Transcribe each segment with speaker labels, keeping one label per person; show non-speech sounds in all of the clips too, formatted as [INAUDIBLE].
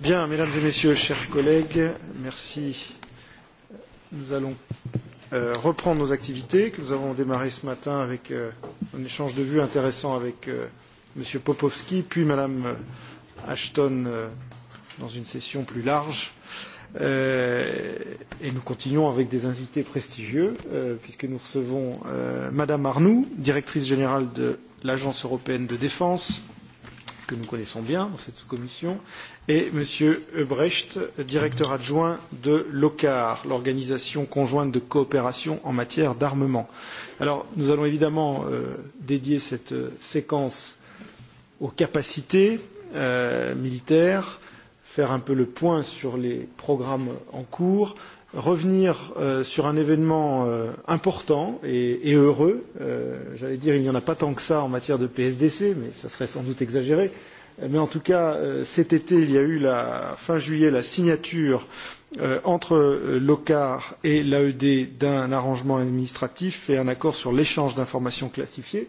Speaker 1: Bien, mesdames et messieurs, chers collègues, merci. Nous allons euh, reprendre nos activités que nous avons démarrées ce matin avec euh, un échange de vues intéressant avec euh, M. Popovski, puis Mme euh, Ashton euh, dans une session plus large. Euh, et nous continuons avec des invités prestigieux, euh, puisque nous recevons euh, Madame Arnoux, directrice générale de l'Agence européenne de défense, euh, que nous connaissons bien dans cette sous-commission, et M. Ebrecht, directeur adjoint de l'OCAR, l'Organisation conjointe de coopération en matière d'armement. Alors, nous allons évidemment euh, dédier cette euh, séquence aux capacités euh, militaires, faire un peu le point sur les programmes en cours, revenir euh, sur un événement euh, important et, et heureux. Euh, J'allais dire, il n'y en a pas tant que ça en matière de PSDC, mais ça serait sans doute exagéré. Mais en tout cas, euh, cet été, il y a eu la fin juillet la signature euh, entre euh, l'OCAR et l'AED d'un arrangement administratif et un accord sur l'échange d'informations classifiées,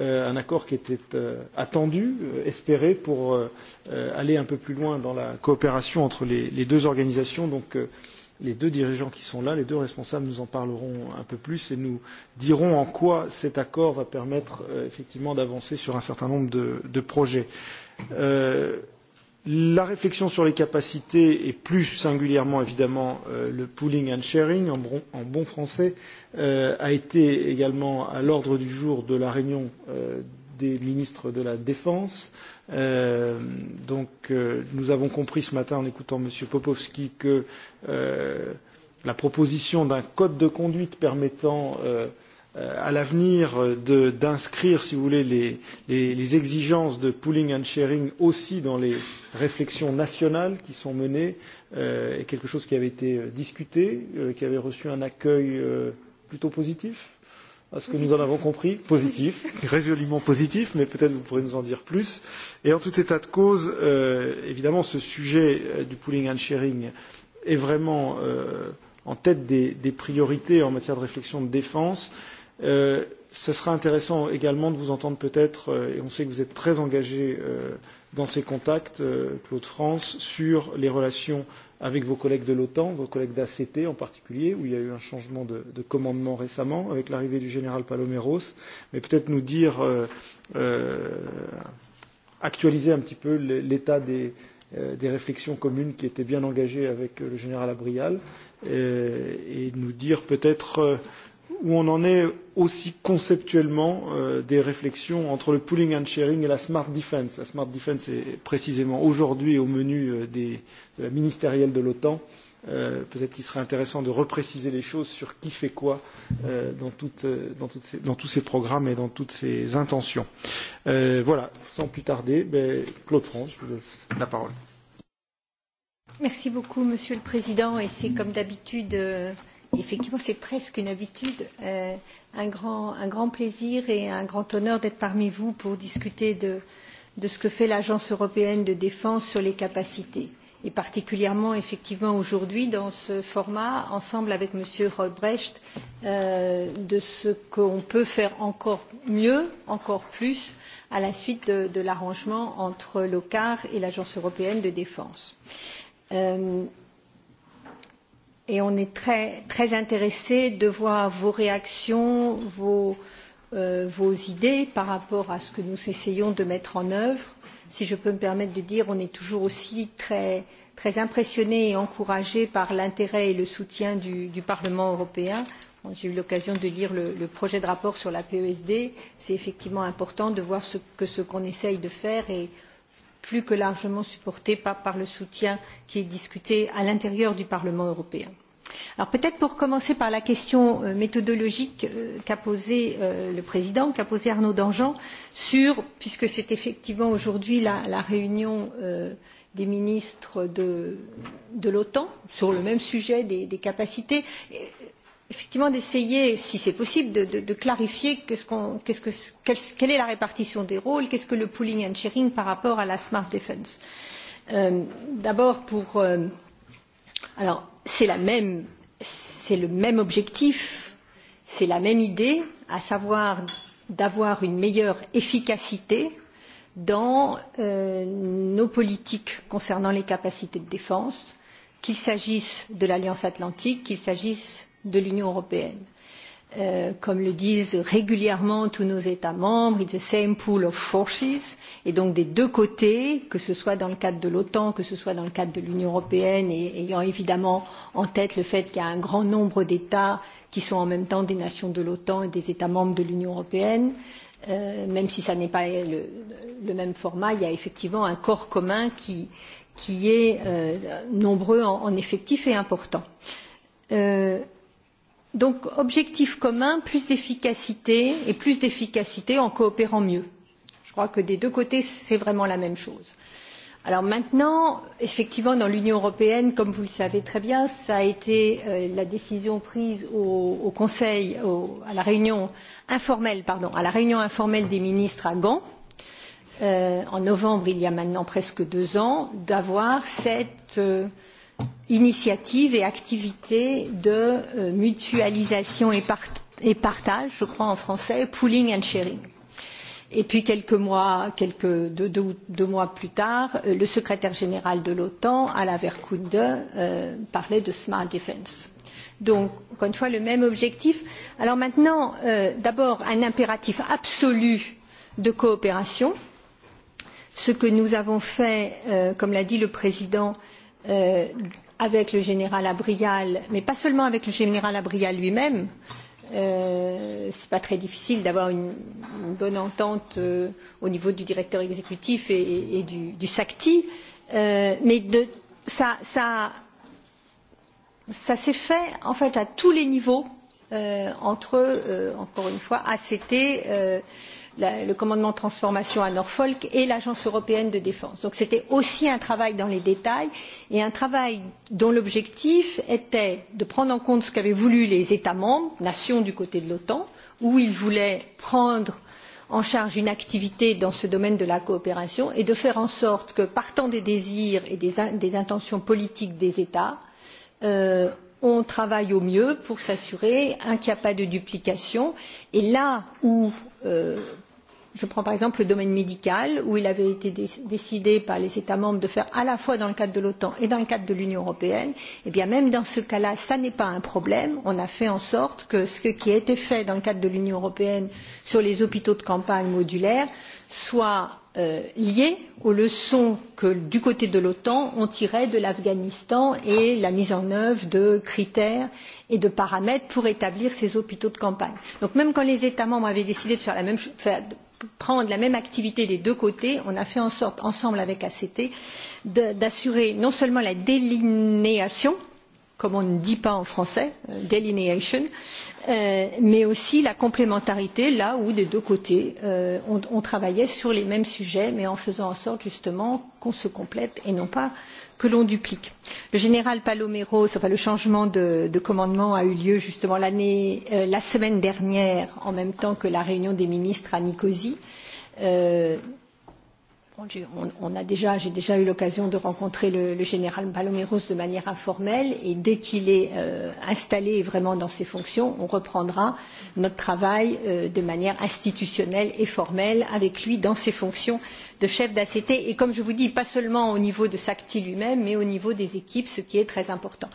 Speaker 1: euh, un accord qui était euh, attendu, euh, espéré pour euh, euh aller un peu plus loin dans la coopération entre les, les deux organisations. Donc, euh, les deux dirigeants qui sont là, les deux responsables, nous en parleront un peu plus et nous diront en quoi cet accord va permettre euh, effectivement d'avancer sur un certain nombre de, de projets. Euh, la réflexion sur les capacités et plus singulièrement évidemment euh, le pooling and sharing en bon, en bon français euh, a été également à l'ordre du jour de la réunion euh, des ministres de la Défense. Euh, donc euh, nous avons compris ce matin en écoutant M. Popovski que euh, la proposition d'un code de conduite permettant euh, euh, à l'avenir d'inscrire, si vous voulez, les, les, les exigences de pooling and sharing aussi dans les réflexions nationales qui sont menées euh, est quelque chose qui avait été euh, discuté, euh, qui avait reçu un accueil euh, plutôt positif à ce que positif. nous en avons compris, positif, [LAUGHS] résolument positif, mais peut-être vous pourrez nous en dire plus. Et en tout état de cause, euh, évidemment, ce sujet euh, du pooling and sharing euh, est vraiment euh, en tête des, des priorités en matière de réflexion de défense. Euh, ce sera intéressant également de vous entendre peut-être, euh, et on sait que vous êtes très engagé euh, dans ces contacts, euh, Claude France, sur les relations avec vos collègues de l'OTAN, vos collègues d'ACT en particulier, où il y a eu un changement de, de commandement récemment avec l'arrivée du général Paloméros, mais peut-être nous dire, euh, euh, actualiser un petit peu l'état des, euh, euh, des réflexions communes qui étaient bien engagées avec euh, le général Abrial euh, et nous dire peut-être euh, où on en est aussi conceptuellement euh, des réflexions entre le pooling and sharing et la smart defense. La smart defense est précisément aujourd'hui au menu euh, des, de la ministérielle de l'OTAN euh, Euh, Peut-être qu'il serait intéressant de repréciser les choses sur qui fait quoi euh, dans, toute, euh, dans, toutes ces, dans tous ces programmes et dans toutes ces intentions. Euh, voilà, sans plus tarder, ben, Claude France, je vous laisse la parole.
Speaker 2: Merci beaucoup, Monsieur le Président. Et c'est comme d'habitude, euh, effectivement, c'est presque une habitude, euh, un, grand, un grand plaisir et un grand honneur d'être parmi vous pour discuter de, de ce que fait l'Agence européenne de défense sur les capacités et particulièrement effectivement aujourd'hui dans ce format, ensemble avec M. Rodbrecht, euh, de ce qu'on peut faire encore mieux, encore plus, à la suite de, de l'arrangement entre l'OCAR et l'Agence européenne de défense. Euh, et on est très, très intéressé de voir vos réactions, vos, euh, vos idées par rapport à ce que nous essayons de mettre en œuvre si je peux me permettre de dire, on est toujours aussi très, très impressionné et encouragé par l'intérêt et le soutien du, du Parlement européen. Bon, J'ai eu l'occasion de lire le, le projet de rapport sur la PESD. C'est effectivement important de voir ce que ce qu'on essaye de faire et plus que largement supporté par, par le soutien qui est discuté à l'intérieur du Parlement européen. Alors peut-être pour commencer par la question euh, méthodologique euh, qu'a posée euh, le président, qu'a posée Arnaud Dangean, sur, puisque c'est effectivement aujourd'hui la, la réunion euh, des ministres de, de l'OTAN sur le même sujet des, des capacités, et, effectivement d'essayer, si c'est possible, de, de, de clarifier qu'est-ce qu'on, qu'est-ce que, quelle, quelle est la répartition des rôles, qu'est-ce que le pooling and sharing par rapport à la smart defense. Euh, D'abord pour. Euh, alors, c'est la même, c'est le même objectif, c'est la même idée, à savoir d'avoir une meilleure efficacité dans euh, nos politiques concernant les capacités de défense, qu'il s'agisse de l'Alliance atlantique, qu'il s'agisse de l'Union européenne. Euh, Uh, comme le disent régulièrement tous nos États membres, it's the same pool of forces, et donc des deux côtés, que ce soit dans le cadre de l'OTAN, que ce soit dans le cadre de l'Union européenne, et ayant évidemment en tête le fait qu'il y a un grand nombre d'États qui sont en même temps des nations de l'OTAN et des États membres de l'Union européenne, euh, même si ça n'est pas le, le même format, il y a effectivement un corps commun qui, qui est euh, nombreux en, en effectif et important. Euh, Donc, objectif commun, plus d'efficacité et plus d'efficacité en coopérant mieux. Je crois que des deux côtés, c'est vraiment la même chose. Alors maintenant, effectivement, dans l'Union européenne, comme vous le savez très bien, ça a été euh, la décision prise au, au Conseil, au, à la réunion informelle, pardon, à la réunion informelle des ministres à Gand, euh, en novembre, il y a maintenant presque deux ans, d'avoir cette euh, initiatives et activités de euh, mutualisation et, part et partage, je crois en français, pooling and sharing. Et puis quelques mois, quelques deux, deux, deux mois plus tard, euh, le secrétaire général de l'OTAN, Alain Verkunde, euh, parlait de smart defense. Donc, encore une fois, le même objectif. Alors maintenant, euh, d'abord, un impératif absolu de coopération. Ce que nous avons fait, euh, comme l'a dit le président, euh, euh, avec le général Abrial, mais pas seulement avec le général Abrial lui-même. Euh, c'est pas très difficile d'avoir une, une bonne entente euh, au niveau du directeur exécutif et, et, et du, du SACTI, euh, mais de, ça, ça, ça s'est fait en fait à tous les niveaux euh, entre, euh, encore une fois, ACT, euh, la, le commandement de transformation à Norfolk et l'Agence européenne de défense. Donc c'était aussi un travail dans les détails et un travail dont l'objectif était de prendre en compte ce qu'avaient voulu les États membres, nations du côté de l'OTAN, où ils voulaient prendre en charge une activité dans ce domaine de la coopération et de faire en sorte que, partant des désirs et des, in des intentions politiques des États, euh, on travaille au mieux pour s'assurer qu'il n'y a pas de duplication. Et là où euh, je prends par exemple le domaine médical, où il avait été dé décidé par les États membres de faire à la fois dans le cadre de l'OTAN et dans le cadre de l'Union européenne, eh bien même dans ce cas-là, ça n'est pas un problème. On a fait en sorte que ce qui a été fait dans le cadre de l'Union européenne sur les hôpitaux de campagne modulaires soit euh, lié aux leçons que du côté de l'OTAN on tirait de l'Afghanistan et la mise en œuvre de critères et de paramètres pour établir ces hôpitaux de campagne. Donc même quand les États membres avaient décidé de faire la même chose, prendre la même activité des deux côtés, on a fait en sorte, ensemble avec ACT, d'assurer non seulement la délinéation, comme on ne dit pas en français, euh, delineation, euh, mais aussi la complémentarité, là où des deux côtés, euh, on, on travaillait sur les mêmes sujets, mais en faisant en sorte justement qu'on se complète et non pas que l'on duplique. Le général Paloméros, enfin le changement de, de commandement a eu lieu justement l'année, euh, la semaine dernière, en même temps que la réunion des ministres à Nicosie. Euh, Bon, on, on a déjà, j'ai déjà eu l'occasion de rencontrer le, le général Paloméros de manière informelle et dès qu'il est euh, installé vraiment dans ses fonctions, on reprendra notre travail euh, de manière institutionnelle et formelle avec lui dans ses fonctions de chef d'ACT et comme je vous dis, pas seulement au niveau de SACTI lui-même, mais au niveau des équipes, ce qui est très important.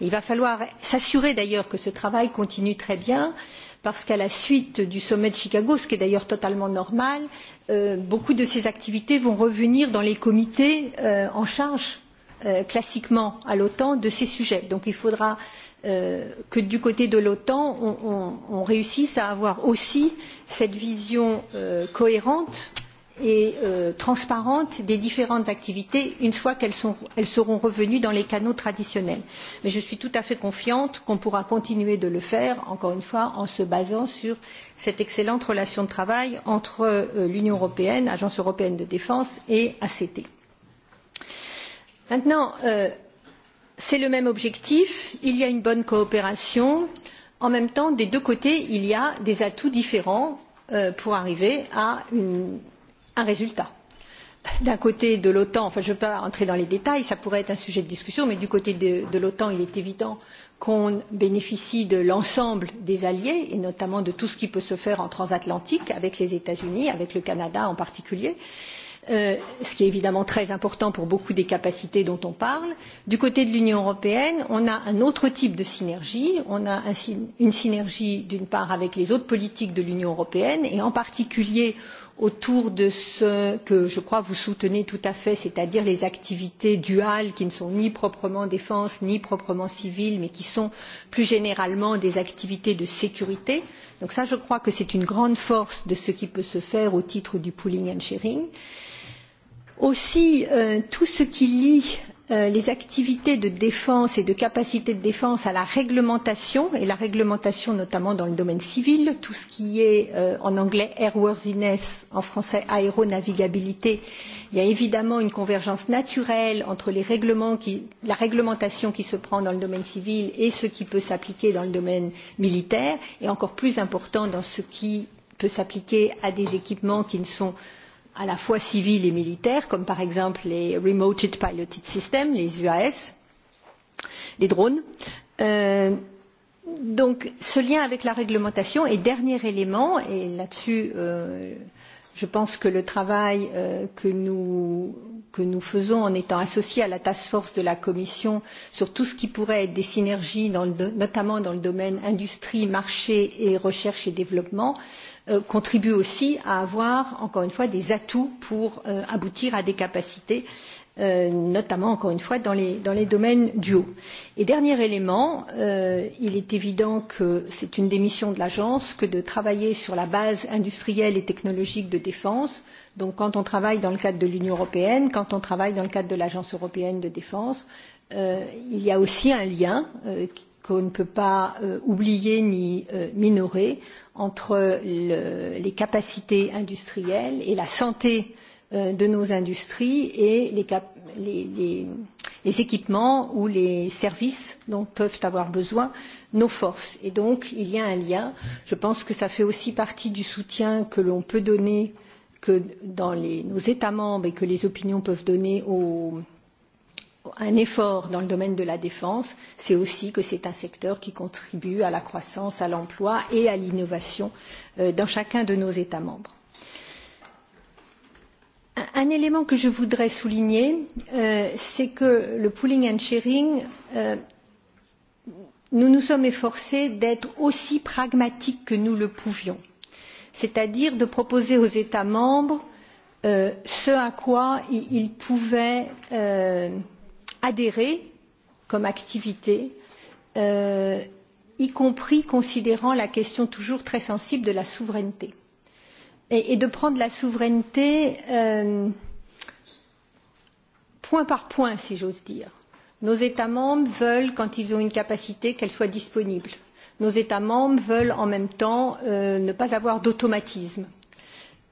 Speaker 2: Et il va falloir s'assurer d'ailleurs que ce travail continue très bien. Euh, parce qu'à la suite du sommet de Chicago, ce qui est d'ailleurs totalement normal, euh, beaucoup de ces activités vont revenir dans les comités euh, en charge euh, classiquement à l'OTAN de ces sujets. Donc il faudra euh, que du côté de l'OTAN, on, on, on réussisse à avoir aussi cette vision euh, cohérente euh, et euh, transparente des différentes activités une fois qu'elles elles seront revenues dans les canaux traditionnels. Mais je suis tout à fait confiante qu'on pourra continuer de le faire, encore une fois, en se basant sur cette excellente relation de travail entre euh, l'Union européenne, Agence européenne de défense et ACT. Maintenant, euh, c'est le même objectif, il y a une bonne coopération. En même temps, des deux côtés, il y a des atouts différents euh, pour arriver à une un résultat d'un côté de l'OTAN, enfin je ne vais pas entrer dans les détails, ça pourrait être un sujet de discussion, mais du côté de, de l'OTAN, il est évident qu'on bénéficie de l'ensemble des alliés, et notamment de tout ce qui peut se faire en transatlantique, avec les États-Unis, avec le Canada en particulier. Euh, ce qui est évidemment très important pour beaucoup des capacités dont on parle. Du côté de l'Union européenne, on a un autre type de synergie. On a un, une synergie d'une part avec les autres politiques de l'Union européenne et en particulier autour de ce que je crois vous soutenez tout à fait, c'est-à-dire les activités duales qui ne sont ni proprement défense ni proprement civile, mais qui sont plus généralement des activités de sécurité. Donc ça, je crois que c'est une grande force de ce qui peut se faire au titre du pooling and sharing. Aussi, euh, tout ce qui lie euh, les activités de défense et de capacité de défense à la réglementation, et la réglementation notamment dans le domaine civil, tout ce qui est euh, en anglais airworthiness, en français aéronavigabilité. Il y a évidemment une convergence naturelle entre les règlements qui, la réglementation qui se prend dans le domaine civil et ce qui peut s'appliquer dans le domaine militaire, et encore plus important dans ce qui peut s'appliquer à des équipements qui ne sont à la fois civils et militaires, comme par exemple les Remoted Piloted Systems, les UAS, les drones. Euh, donc ce lien avec la réglementation et dernier élément, et là-dessus euh, je pense que le travail euh, que, nous, que nous faisons en étant associés à la task force de la Commission sur tout ce qui pourrait être des synergies, dans le, notamment dans le domaine industrie, marché et recherche et développement, euh, euh, contribue aussi à avoir, encore une fois, des atouts pour euh, aboutir à des capacités euh, notamment encore une fois dans les, dans les domaines du haut. Et dernier élément, euh, il est évident que c'est une des missions de l'agence que de travailler sur la base industrielle et technologique de défense. Donc quand on travaille dans le cadre de l'Union européenne, quand on travaille dans le cadre de l'Agence européenne de défense, euh, il y a aussi un lien euh, qui qu'on ne peut pas euh, oublier ni euh, minorer entre le, les capacités industrielles et la santé euh, de nos industries et les, cap les, les, les équipements ou les services dont peuvent avoir besoin nos forces. Et donc, il y a un lien. Je pense que ça fait aussi partie du soutien que l'on peut donner que dans les, nos États membres et que les opinions peuvent donner aux un effort dans le domaine de la défense, c'est aussi que c'est un secteur qui contribue à la croissance, à l'emploi et à l'innovation euh, dans chacun de nos États membres. Un, un élément que je voudrais souligner, euh, c'est que le pooling and sharing, euh, nous nous sommes efforcés d'être aussi pragmatiques que nous le pouvions, c'est-à-dire de proposer aux États membres euh, ce à quoi ils pouvaient euh, adhérer comme activité, euh, y compris considérant la question toujours très sensible de la souveraineté. Et, et de prendre la souveraineté euh, point par point, si j'ose dire. Nos États membres veulent, quand ils ont une capacité, qu'elle soit disponible. Nos États membres veulent en même temps euh, ne pas avoir d'automatisme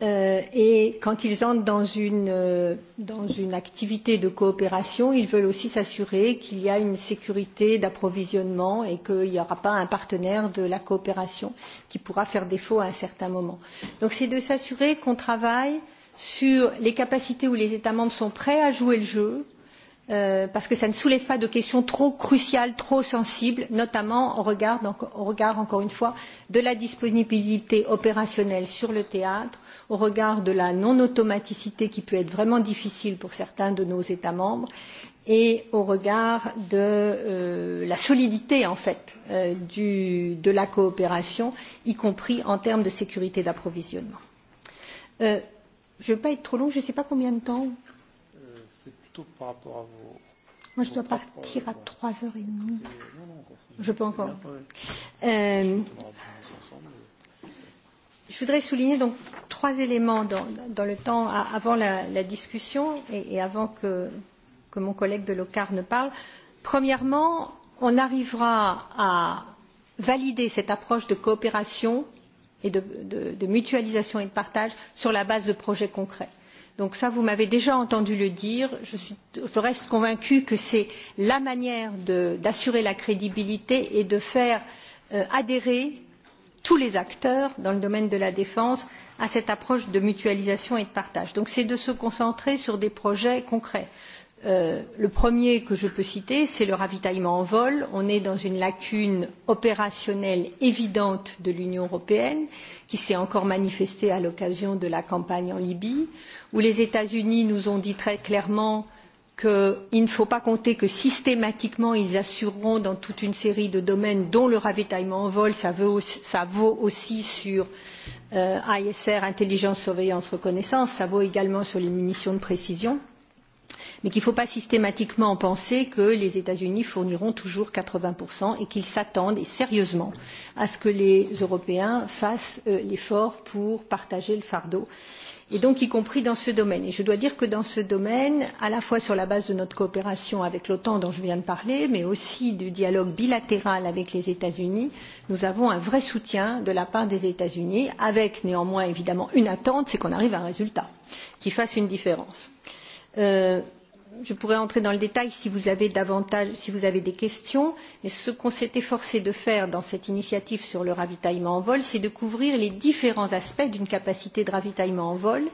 Speaker 2: Euh, et quand ils entrent dans une, euh, dans une activité de coopération, ils veulent aussi s'assurer qu'il y a une sécurité d'approvisionnement et qu'il n'y aura pas un partenaire de la coopération qui pourra faire défaut à un certain moment. Donc c'est de s'assurer qu'on travaille sur les capacités où les États membres sont prêts à jouer le jeu, euh, parce que ça ne soulève pas de questions trop cruciales, trop sensibles, notamment au regard, donc, au regard encore une fois, de la disponibilité opérationnelle sur le théâtre au regard de la non automaticité qui peut être vraiment difficile pour certains de nos États membres et au regard de euh, la solidité en fait euh, du, de la coopération, y compris en termes de sécurité d'approvisionnement. Euh, je ne vais pas être trop long, je ne sais pas combien de temps. Euh,
Speaker 3: c'est plutôt par rapport à vos.
Speaker 1: Moi, je dois partir à
Speaker 2: 3h30. Euh, je peux encore. Euh, Je voudrais souligner donc trois éléments dans, dans le temps avant la, la discussion et, et avant que, que mon collègue de l'OCAR ne parle. Premièrement, on arrivera à valider cette approche de coopération et de, de, de mutualisation et de partage sur la base de projets concrets. Donc ça, vous m'avez déjà entendu le dire. Je, suis, je reste convaincue que c'est la manière d'assurer la crédibilité et de faire euh, adhérer tous les acteurs dans le domaine de la défense à cette approche de mutualisation et de partage. Donc c'est de se concentrer sur des projets concrets. Euh, le premier que je peux citer, c'est le ravitaillement en vol. On est dans une lacune opérationnelle évidente de l'Union européenne, qui s'est encore manifestée à l'occasion de la campagne en Libye, où les États-Unis nous ont dit très clairement qu'il ne faut pas compter que systématiquement ils assureront dans toute une série de domaines dont le ravitaillement en vol ça, veut aussi, ça vaut aussi sur euh, ISR intelligence surveillance reconnaissance ça vaut également sur les munitions de précision mais qu'il ne faut pas systématiquement penser que les États-Unis fourniront toujours 80% et qu'ils s'attendent et sérieusement à ce que les Européens fassent euh, l'effort pour partager le fardeau. Euh, et donc y compris dans ce domaine. Et je dois dire que dans ce domaine, à la fois sur la base de notre coopération avec l'OTAN dont je viens de parler, mais aussi du dialogue bilatéral avec les États-Unis, nous avons un vrai soutien de la part des États-Unis, avec néanmoins évidemment une attente, c'est qu'on arrive à un résultat qui fasse une différence. Euh, je pourrais entrer dans le détail si vous avez davantage, si vous avez des questions, mais ce qu'on s'est efforcé de faire dans cette initiative sur le ravitaillement en vol, c'est de couvrir les différents aspects d'une capacité de ravitaillement en vol,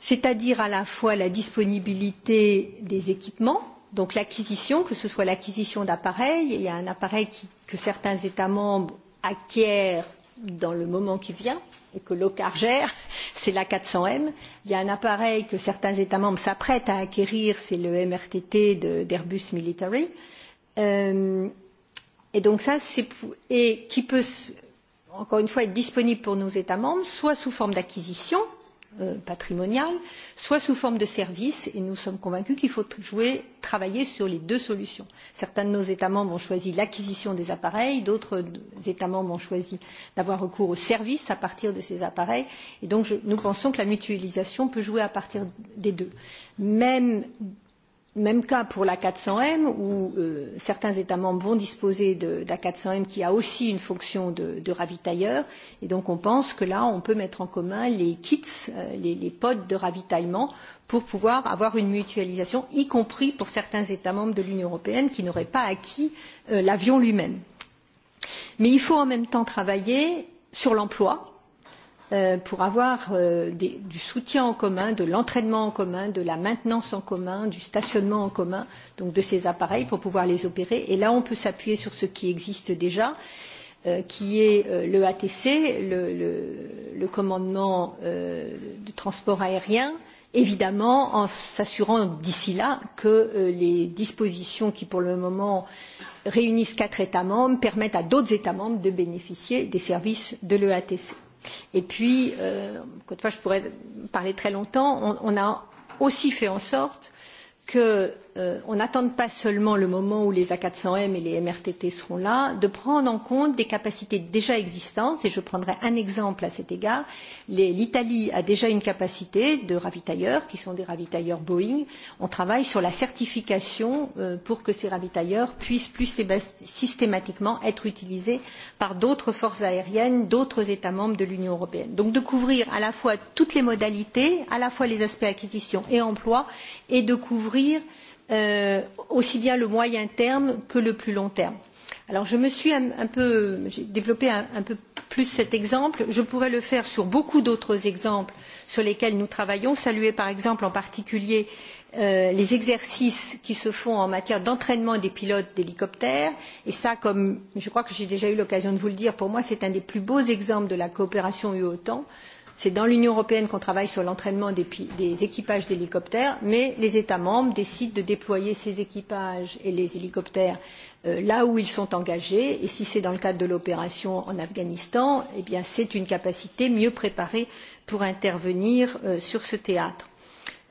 Speaker 2: c'est-à-dire à la fois la disponibilité des équipements, donc l'acquisition, que ce soit l'acquisition d'appareils, il y a un appareil qui, que certains États membres acquièrent dans le moment qui vient et que l'OCAR gère, [LAUGHS] c'est la 400M. Il y a un appareil que certains États membres s'apprêtent à acquérir, c'est le MRTT d'Airbus Military. Euh, et donc ça, c'est et qui peut encore une fois être disponible pour nos États membres, soit sous forme d'acquisition, euh, Euh, patrimoniale, soit sous forme de services, et nous sommes convaincus qu'il faut jouer, travailler sur les deux solutions. Certains de nos États membres ont choisi l'acquisition des appareils, d'autres euh, États membres ont choisi d'avoir recours aux services à partir de ces appareils, et donc je, nous pensons que la mutualisation peut jouer à partir des deux. Même Même cas pour la 400M, où euh, certains États membres vont disposer de, de la 400M qui a aussi une fonction de, de ravitailleur. Et donc on pense que là, on peut mettre en commun les kits, euh, les, les pods de ravitaillement pour pouvoir avoir une mutualisation, y compris pour certains États membres de l'Union européenne qui n'auraient pas acquis euh, l'avion lui-même. Mais il faut en même temps travailler sur l'emploi, euh, pour avoir euh, des, du soutien en commun, de l'entraînement en commun, de la maintenance en commun, du stationnement en commun, donc de ces appareils pour pouvoir les opérer. Et là, on peut s'appuyer sur ce qui existe déjà, euh, qui est euh, le ATC, le, le, le commandement euh, de transport aérien, évidemment en s'assurant d'ici là que euh, les dispositions qui pour le moment réunissent quatre États membres permettent à d'autres États membres de bénéficier des services de l'EATC. Et puis, euh, fois, je pourrais parler très longtemps, on, on a aussi fait en sorte que euh, on n'attende pas seulement le moment où les A400M et les MRTT seront là, de prendre en compte des capacités déjà existantes. Et je prendrai un exemple à cet égard. L'Italie a déjà une capacité de ravitailleurs, qui sont des ravitailleurs Boeing. On travaille sur la certification euh, pour que ces ravitailleurs puissent plus systématiquement être utilisés par d'autres forces aériennes, d'autres États membres de l'Union européenne. Donc de couvrir à la fois toutes les modalités, à la fois les aspects acquisition et emploi, et de couvrir euh, aussi bien le moyen terme que le plus long terme. Alors je me suis un, un peu, j'ai développé un, un peu plus cet exemple. Je pourrais le faire sur beaucoup d'autres exemples sur lesquels nous travaillons. Saluer par exemple en particulier euh, les exercices qui se font en matière d'entraînement des pilotes d'hélicoptères. Et ça, comme je crois que j'ai déjà eu l'occasion de vous le dire, pour moi c'est un des plus beaux exemples de la coopération UE-OTAN. Euh, C'est dans l'Union européenne qu'on travaille sur l'entraînement des, des équipages d'hélicoptères, mais les États membres décident de déployer ces équipages et les hélicoptères euh, là où ils sont engagés. Et si c'est dans le cadre de l'opération en Afghanistan, eh bien c'est une capacité mieux préparée pour intervenir euh, sur ce théâtre.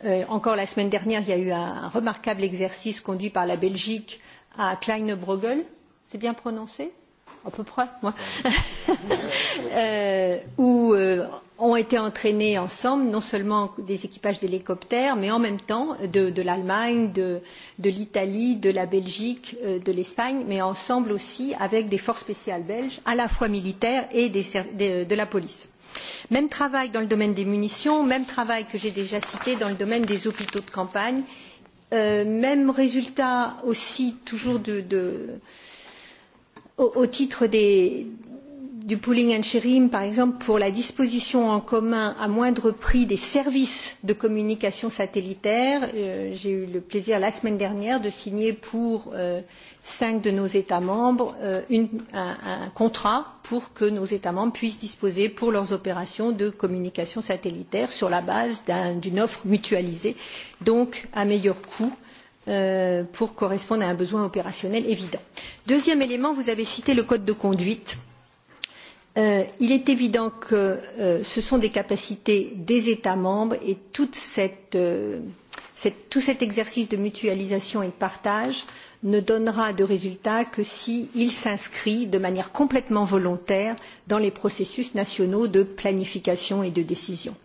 Speaker 2: Euh, encore la semaine dernière, il y a eu un, un remarquable exercice conduit par la Belgique à Kleinebruegel. C'est bien prononcé À peu près, moi. [LAUGHS] euh, où euh, ont été entraînés ensemble, non seulement des équipages d'hélicoptères, mais en même temps de, de l'Allemagne, de, de l'Italie, de la Belgique, euh, de l'Espagne, mais ensemble aussi avec des forces spéciales belges, à la fois militaires et des, de, euh, de la police. Même travail dans le domaine des munitions, même travail que j'ai déjà cité dans le domaine des hôpitaux de campagne, euh, même résultat aussi toujours de, de, au, au titre des, du pooling and sharing, par exemple, pour la disposition en commun à moindre prix des services de communication satellitaire. Euh, J'ai eu le plaisir la semaine dernière de signer pour euh, cinq de nos États membres euh, une, un, un contrat pour que nos États membres puissent disposer pour leurs opérations de communication satellitaire sur la base d'une un, offre mutualisée, donc à meilleur coût euh, pour correspondre à un besoin opérationnel évident. Deuxième élément, vous avez cité le code de conduite. Euh, Euh, il est évident que euh, ce sont des capacités des États membres et toute cette, euh, cette, tout cet exercice de mutualisation et de partage euh, ne donnera de résultat que s'il s'inscrit de manière complètement volontaire dans les processus nationaux de planification et de décision.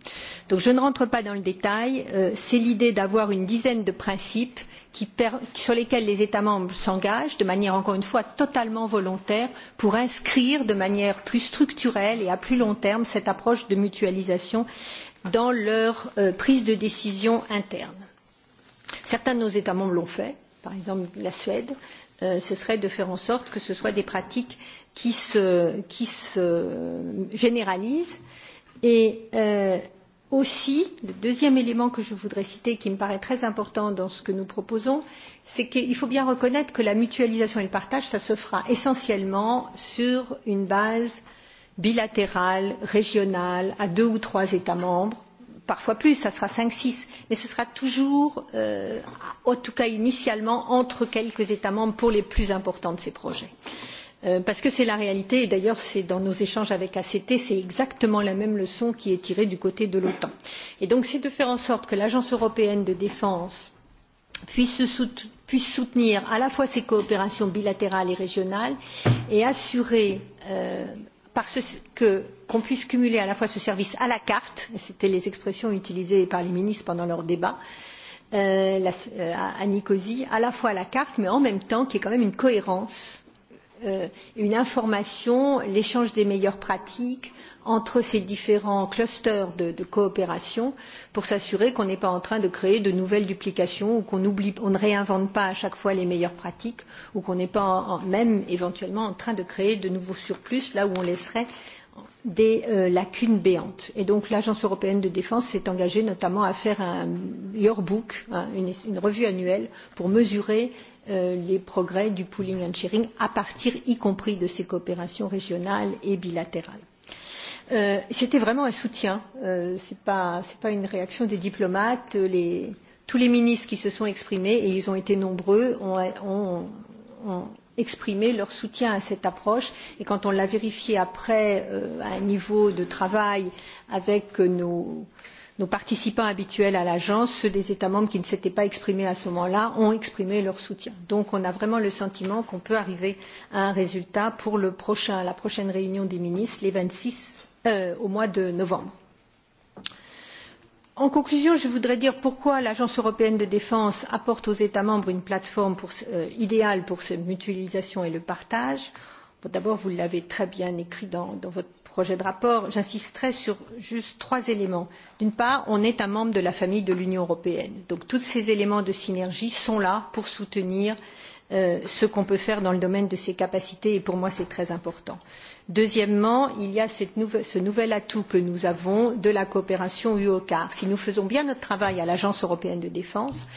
Speaker 2: Donc je ne rentre pas dans le détail, euh, c'est l'idée d'avoir une dizaine de principes qui per... sur lesquels les États membres s'engagent de manière encore une fois totalement volontaire pour inscrire de manière plus structurelle et à plus long terme cette approche de mutualisation dans leur euh, prise de décision interne. Certains de nos États membres l'ont fait, par exemple la Suède, euh, ce serait de faire en sorte que ce soit des pratiques qui se, qui se généralisent. Et euh, aussi, le deuxième élément que je voudrais citer, qui me paraît très important dans ce que nous proposons, c'est qu'il faut bien reconnaître que la mutualisation et le partage, ça se fera essentiellement sur une base bilatérale, régionale, à deux ou trois États membres parfois plus, ça sera 5-6, mais ce sera toujours, euh, en tout cas initialement, entre quelques États membres pour les plus importants de ces projets. Euh, parce que c'est la réalité, et d'ailleurs c'est dans nos échanges avec ACT, c'est exactement la même leçon qui est tirée du côté de l'OTAN. Et donc c'est de faire en sorte que l'Agence européenne de défense puisse soutenir puisse soutenir à la fois ces coopérations bilatérales et régionales et assurer euh, parce que qu'on puisse cumuler à la fois ce service à la carte, c'était les expressions utilisées par les ministres pendant leur débat, euh, la, euh, à Nicosie, à la fois à la carte, mais en même temps qu'il y ait quand même une cohérence, euh, une information, l'échange des meilleures pratiques entre ces différents clusters de, de coopération pour s'assurer qu'on n'est pas en train de créer de nouvelles duplications ou qu'on oublie, on ne réinvente pas à chaque fois les meilleures pratiques ou qu'on n'est pas en, en, même éventuellement en train de créer de nouveaux surplus là où on laisserait des euh, lacunes béantes. Et donc l'Agence européenne de défense s'est engagée notamment à faire un yearbook, hein, une, une revue annuelle, pour mesurer euh, les progrès du pooling and sharing à partir y compris de ces coopérations régionales et bilatérales. Euh, C'était vraiment un soutien, euh, ce n'est pas, pas une réaction des diplomates. Les, tous les ministres qui se sont exprimés, et ils ont été nombreux, ont, ont, ont exprimé leur soutien à cette approche et quand on l'a vérifié après euh, à un niveau de travail avec euh, nos, nos participants habituels à l'agence, ceux des États membres qui ne s'étaient pas exprimés à ce moment-là ont exprimé leur soutien. Donc on a vraiment le sentiment qu'on peut arriver à un résultat pour le prochain, la prochaine réunion des ministres, les 26, euh, au mois de novembre. En conclusion, je voudrais dire pourquoi l'Agence européenne de défense apporte aux États membres une plateforme pour, euh, idéale pour cette mutualisation et le partage. Bon, D'abord, vous l'avez très bien écrit dans, dans votre projet de rapport. J'insisterai sur juste trois éléments. D'une part, on est un membre de la famille de l'Union européenne. Donc, tous ces éléments de synergie sont là pour soutenir euh, euh, ce qu'on peut faire dans le domaine de ses capacités et pour moi c'est très important. Deuxièmement, il y a cette nouvel, ce nouvel atout que nous avons de la coopération UOCAR. Si nous faisons bien notre travail à l'Agence européenne de défense,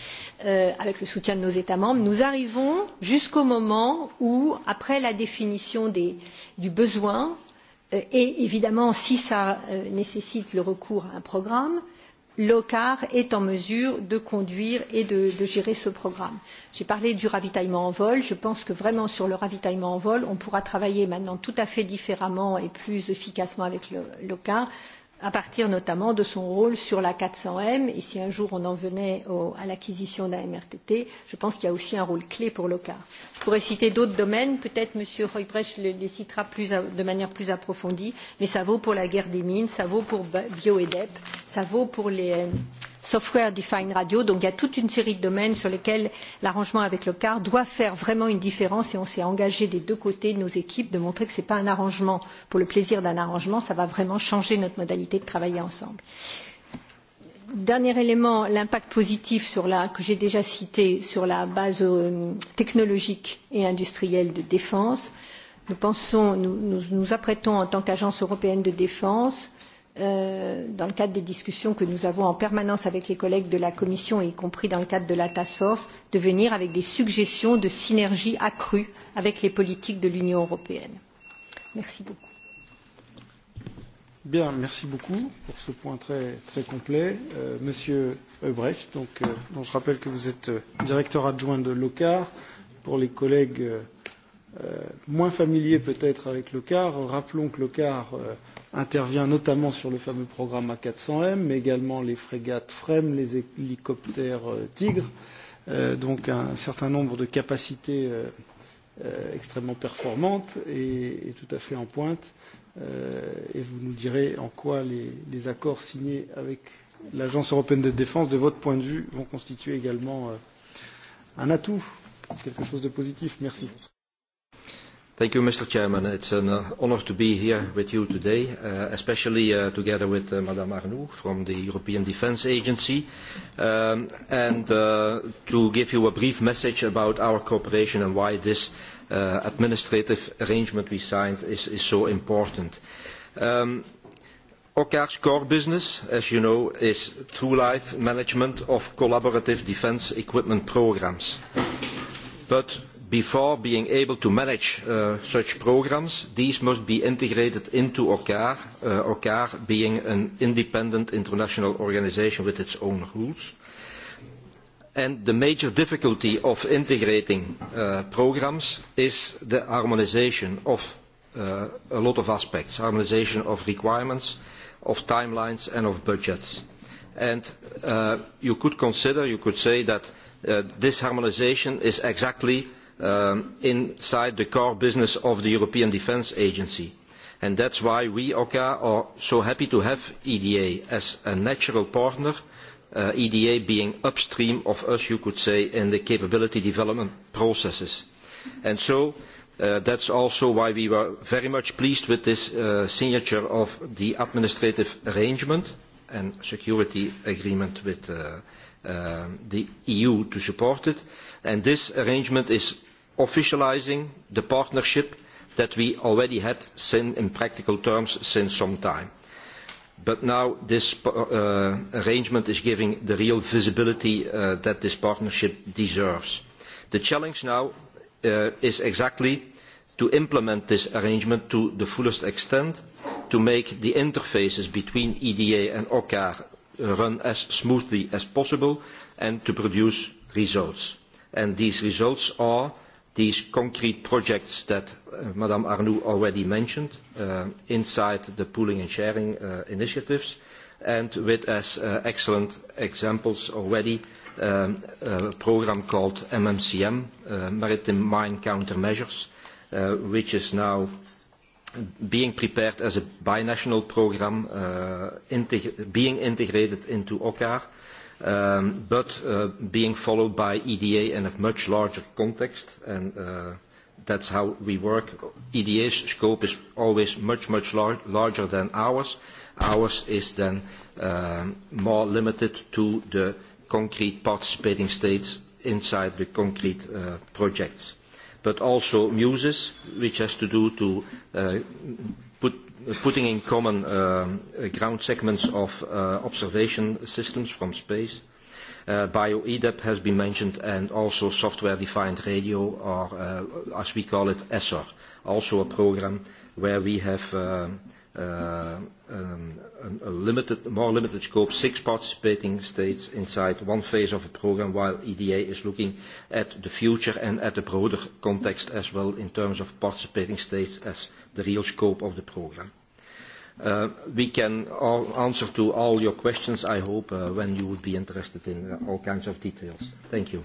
Speaker 2: euh, avec le soutien de nos États membres, nous arrivons jusqu'au moment où, après la définition des, du besoin, euh, et évidemment si ça euh, nécessite le recours à un programme, euh, l'OCAR est en mesure de conduire et de, de gérer ce programme. J'ai parlé du ravitaillement en vol. Je pense que vraiment sur le ravitaillement en vol, on pourra travailler maintenant tout à fait différemment et plus efficacement avec l'OCAR à partir notamment de son rôle sur la 400M. Et si un jour on en venait au, à l'acquisition d'un MRTT, je pense qu'il y a aussi un rôle clé pour l'OCA. Je pourrais citer d'autres domaines, peut-être M. Heubrecht les, les citera plus à, de manière plus approfondie, mais ça vaut pour la guerre des mines, ça vaut pour BioEDEP, ça vaut pour les, euh, software defined radio. Donc il y a toute une série de domaines sur lesquels l'arrangement avec le CAR doit faire vraiment une différence et on s'est engagé des deux côtés de nos équipes de montrer que ce n'est pas un arrangement pour le plaisir d'un arrangement, ça va vraiment changer notre modalité de travailler ensemble. Dernier élément, l'impact positif sur la, que j'ai déjà cité sur la base euh, technologique et industrielle de défense. Nous pensons, nous nous, nous apprêtons en tant qu'agence européenne de défense euh, dans le cadre des discussions que nous avons en permanence avec les collègues de la Commission, y compris dans le cadre de la task force, de venir avec des suggestions de synergie accrue avec les politiques de l'Union européenne. Merci beaucoup.
Speaker 1: Bien, merci beaucoup pour ce point très, très complet. Euh, Monsieur Ebrecht, donc, euh, dont je rappelle que vous êtes euh, directeur adjoint de l'OCAR, pour les collègues euh, Euh, moins familiers peut-être avec l'OCAR, rappelons que l'OCAR euh, intervient notamment sur le fameux programme A400M, mais également les frégates FREM, les hélicoptères euh, Tigre, euh, donc un certain nombre de capacités euh, euh, extrêmement performantes et, et tout à fait en pointe. Euh, et vous nous direz en quoi les, les accords signés avec l'Agence européenne de défense, de votre point de vue, vont constituer également euh, un atout, quelque chose de positif. Merci.
Speaker 4: Thank you, Mr. Chairman. It's an uh, honor to be here with you today, uh, especially uh, together with uh, Madame Arnoux from the European Defence Agency, um, and uh, to give you a brief message about our cooperation and why this uh, administrative arrangement we signed is, is so important. Um, Orcar's core business, as you know, is through life management of collaborative defence equipment programs. But Before being able to manage uh, such programs, these must be integrated into OCCAR, uh, OCCAR being an independent international organization with its own rules. And the major difficulty of integrating uh, programs is the harmonization of uh, a lot of aspects, harmonization of requirements, of timelines and of budgets. And uh, you could consider, you could say that uh, this harmonization is exactly uh, um, inside the core business of the European Defence Agency. And that's why we, OCA, are so happy to have EDA as a natural partner, uh, EDA being upstream of us, you could say, in the capability development processes. And so uh, that's also why we were very much pleased with this uh, signature of the administrative arrangement and security agreement with uh, uh, the EU to support it. And this arrangement is officializing the partnership that we already had sin, in practical terms since some time. But now this uh, arrangement is giving the real visibility uh, that this partnership deserves. The challenge now uh, is exactly to implement this arrangement to the fullest extent, to make the interfaces between EDA and OCCAR run as smoothly as possible, and to produce results. And these results are uh, these concrete projects that uh, Madame Arnoux already mentioned uh, inside the pooling and sharing uh, initiatives and with as uh, excellent examples already um, a program called MMCM, uh, Maritime Mine Countermeasures, uh, which is now being prepared as a binational program, uh, integ being integrated into OCCAR, uh, um, but uh, being followed by EDA in a much larger context. And uh, that's how we work. EDA's scope is always much, much lar larger than ours. Ours is then um, more limited to the concrete participating states inside the concrete uh, projects. But also MUSES, which has to do to uh, Uh, putting in common um, ground segments of uh, observation systems from space. Uh, BioEDEP has been mentioned, and also software-defined radio, or uh, as we call it, ESSOR, also a program where we have uh, uh, um, a limited, more limited scope, six participating states inside one phase of a program, while EDA is looking at the future and at the broader context as well in terms of participating states as the real scope of the program. Uh, we can all answer to all your questions, I hope, uh, when you would be interested in uh, all kinds of details. Thank you.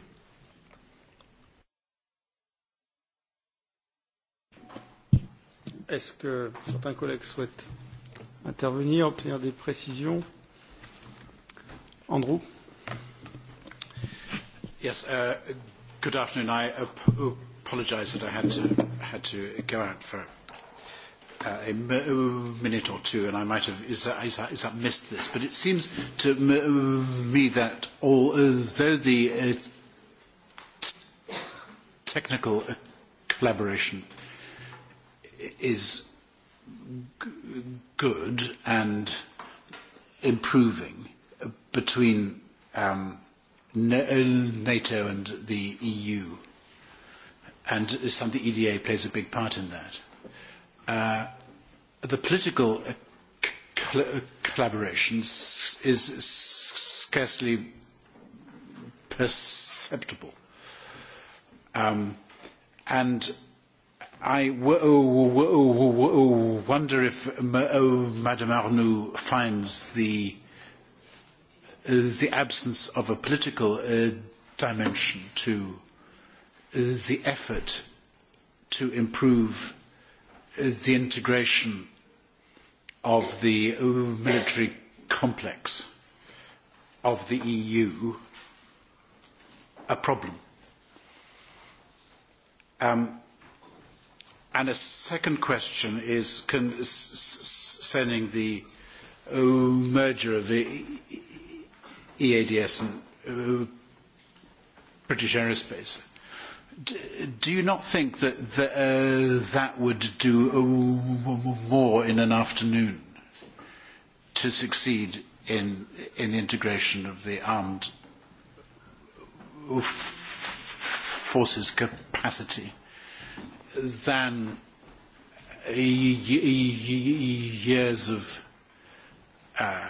Speaker 1: Est-ce que certains collègues souhaitent intervenir, obtenir des précisions. Andrew?
Speaker 5: Yes, uh, good afternoon. I apologize that I had to, had to go out for uh, a minute or two, and I might have is that, is that, is that missed this. But it seems to me that although the uh, technical uh, collaboration is good and improving between um, NATO and the EU, and some the EDA plays a big part in that. Uh, the political uh, cl- uh, collaboration s- is scarcely perceptible, um, and I wonder if oh, Madame Arnoux finds the the absence of a political uh, dimension to uh, the effort to improve uh, the integration of the uh, military complex of the EU a problem. Um, And a second question is concerning the uh, merger of e EADS e and uh, British Aerospace. D do you not think that the, uh, that would do oh, more in an afternoon to succeed in, in the integration of the armed forces capacity? than years of uh,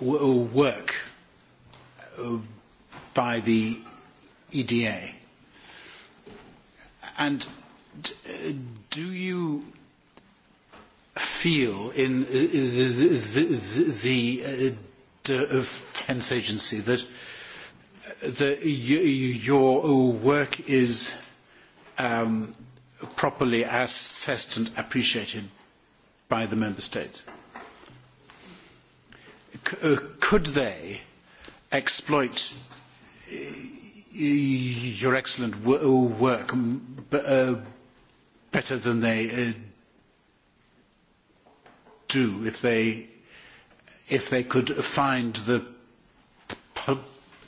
Speaker 5: work uh, by the EDA. And do you feel in uh, the uh, defense agency that, that your work is um, properly assessed and appreciated by the member states. C- uh, could they exploit uh, your excellent w- uh, work b- uh, better than they uh, do if they if they could find the po-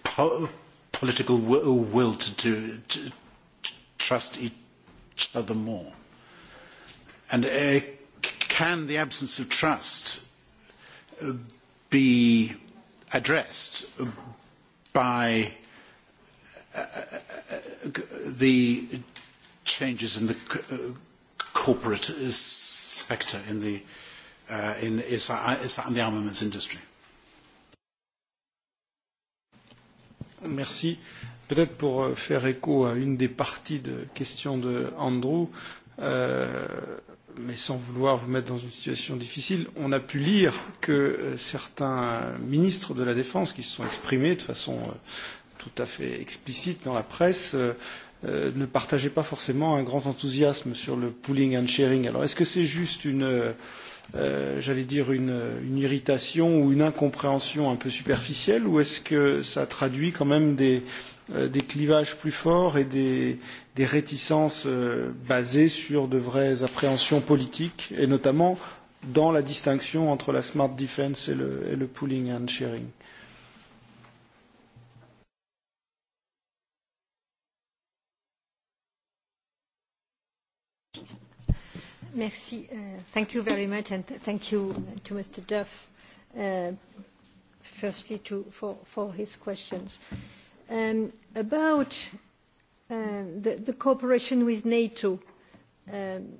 Speaker 5: po- political w- uh, will to, to, to trust each other more? And uh, can the absence of trust uh, be addressed by uh, uh the changes in the uh, corporate sector in the uh, in, is, uh, is in the armaments industry?
Speaker 1: Merci. Peut-être pour euh, faire écho à une des parties de question de Andrew, euh, mais sans vouloir vous mettre dans une situation difficile, on a pu lire que euh, certains ministres de la Défense qui se sont exprimés de façon euh, tout à fait explicite dans la presse euh, ne partageaient pas forcément un grand enthousiasme sur le pooling and sharing. Alors est-ce que c'est juste une euh, j'allais dire, une, une irritation ou une incompréhension un peu superficielle, ou est-ce que ça traduit quand même des, euh, des clivages plus forts et des, des réticences euh, basées sur de vraies appréhensions politiques, et notamment dans la distinction entre la smart defense et le, et le pooling and sharing euh,
Speaker 2: Merci. Uh, thank you very much, and thank you uh, to Mr. Duff, uh, firstly to, for, for his questions. Um, about uh, the, the cooperation with NATO, um,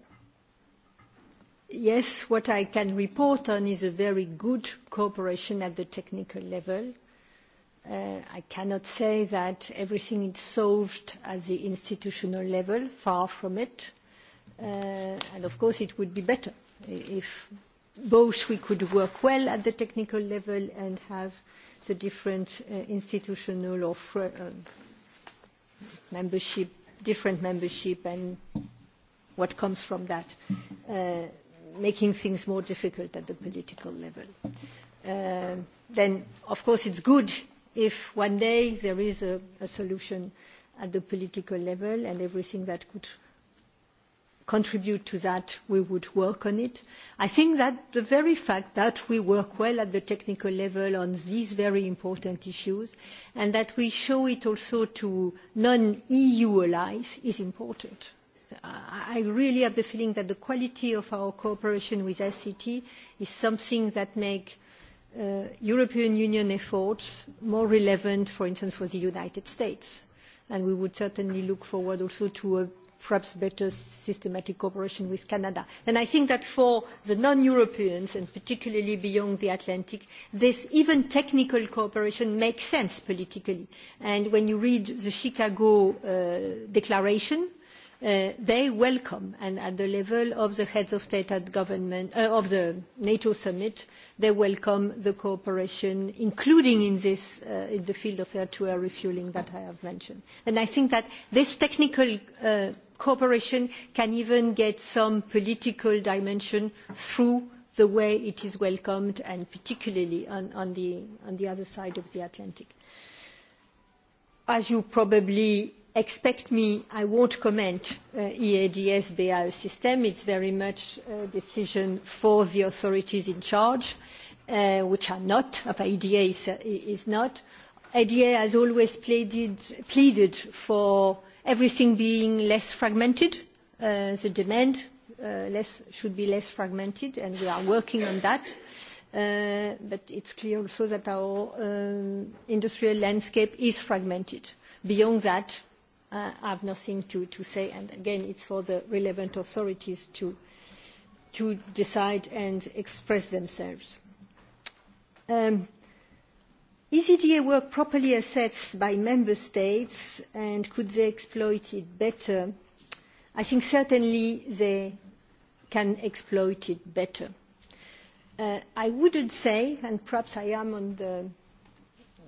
Speaker 2: yes, what I can report on is a very good cooperation at the technical level. Uh, I cannot say that everything is solved at the institutional level, far from it. Uh, Uh, and of course, it would be better if both we could work well at the technical level and have the different uh, institutional or fr- uh, membership, different membership and what comes from that, uh, making things more difficult at the political level. Uh, then, of course, it's good if one day there is a, a solution at the political level and everything that could uh, contribute to that, we would work on it. I think that the very fact that we work well at the technical level on these very important issues and that we show it also to non-EU allies is important. I really have the feeling that the quality of our cooperation with SCT is something that makes uh, European Union efforts more relevant, for instance, for the United States. And we would certainly look forward also to a perhaps better systematic cooperation with Canada. And I think that for the non-Europeans, and particularly beyond the Atlantic, this even technical cooperation makes sense politically. And when you read the Chicago uh, Declaration, uh, they welcome, and at the level of the heads of state and government uh, of the NATO summit, they welcome the cooperation, including in this uh, in the field of air-to-air -air refueling that I have mentioned. And I think that this technical uh, cooperation can even get some political dimension through the way it is welcomed and particularly on, on, the, on the other side of the Atlantic. As you probably expect me, I won't comment uh, EADS BAO system. It's very much a decision for the authorities in charge, uh, which are not, EDA is, uh, is not. ADA has always pleaded, pleaded for everything being less fragmented, uh, the demand uh, less, should be less fragmented, and we are working on that. Uh, but it's clear also that our um, industrial landscape is fragmented. Beyond that, uh, I have nothing to, to say, and again, it's for the relevant authorities to, to decide and express themselves. Um, ECDA work properly assessed by member states and could they exploit it better? I think certainly they can exploit it better. Uh, I wouldn't say, and perhaps I am on the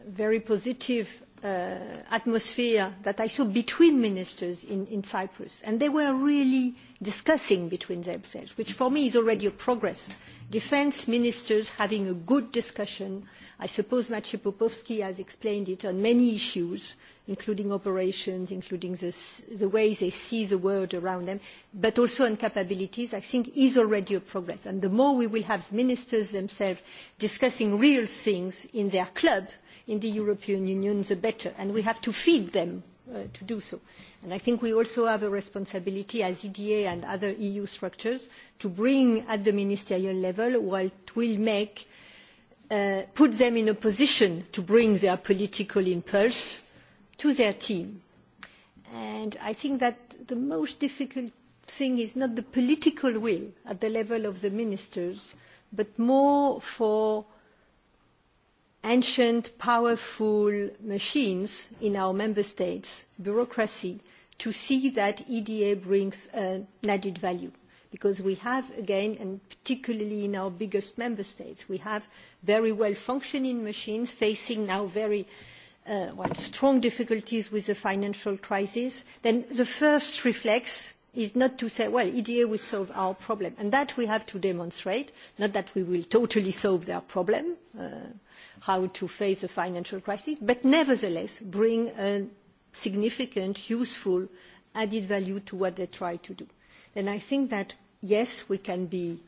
Speaker 2: very positive uh, atmosphere that I saw between ministers in, in Cyprus, and they were really discussing between themselves, which for me is already a progress. Uh, defense ministers having a good discussion. I suppose Maciej Popowski has explained it on many issues, including operations, including the, the way they see the world around them, but also on capabilities, I think is already a progress. And the more we will have ministers themselves discussing real things in their club in the European Union, the better. And we have to feed them uh, to do so. And I think we also have a responsibility as EDA and other EU structures to bring at the ministerial level what will make, uh, put them in a position to bring their political impulse to their team. And I think that the most difficult thing is not the political will at the level of the ministers, but more for uh, ancient, powerful machines in our member states, bureaucracy, to see that EDA brings an added value. Because we have, again, and particularly in our biggest member states, we have very well-functioning machines facing now very uh, well, strong difficulties with the financial crisis. Then the first reflex is not to say, well, EDA will solve our problem. And that we have to demonstrate, not that we will totally solve their problem, uh, how to face the financial crisis, but nevertheless bring a significant, useful added value to what they try to do. Then I think that, yes, we can be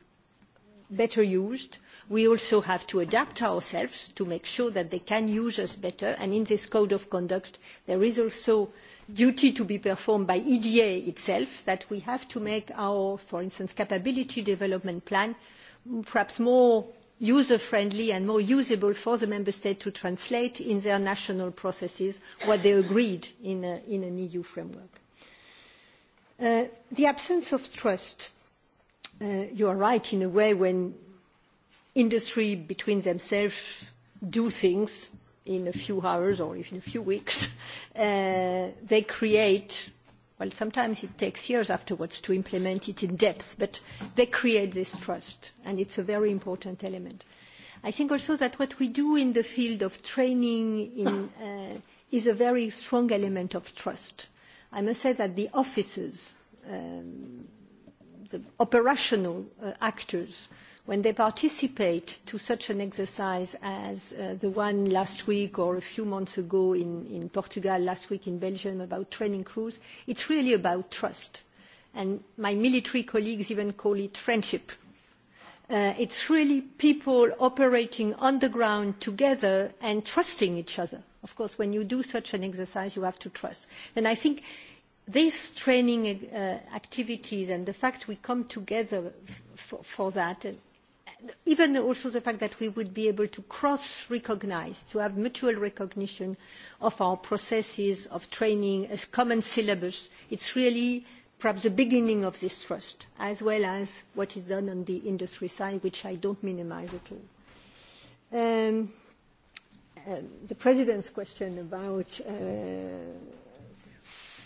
Speaker 2: better used. We also have to adapt ourselves to make sure that they can use us better. And in this code of conduct, there is also duty to be performed by EDA itself that we have to make our, for instance, capability development plan perhaps more user-friendly and more usable for the member state to translate in their national processes what they agreed in, a, in an EU framework. Uh, the absence of trust uh, you are right in a way when industry between themselves do things in a few hours or in a few weeks, [LAUGHS] uh, they create, well, sometimes it takes years afterwards to implement it in depth, but they create this trust, and it's a very important element. I think also that what we do in the field of training in, uh, is a very strong element of trust. I must say that the officers um, the operational uh, actors when they participate to such an exercise as uh, the one last week or a few months ago in, in Portugal, last week in Belgium about training crews, it's really about trust. And my military colleagues even call it friendship. Uh, it's really people operating on the ground together and trusting each other. Of course, when you do such an exercise, you have to trust. And I think uh, these training uh, activities and the fact we come together for, for that, uh, even also the fact that we would be able to cross-recognize, to have mutual recognition of our processes of training as common syllabus, it's really perhaps the beginning of this trust, as well as what is done on the industry side, which I don't minimize at all. Um, um, the President's question about uh,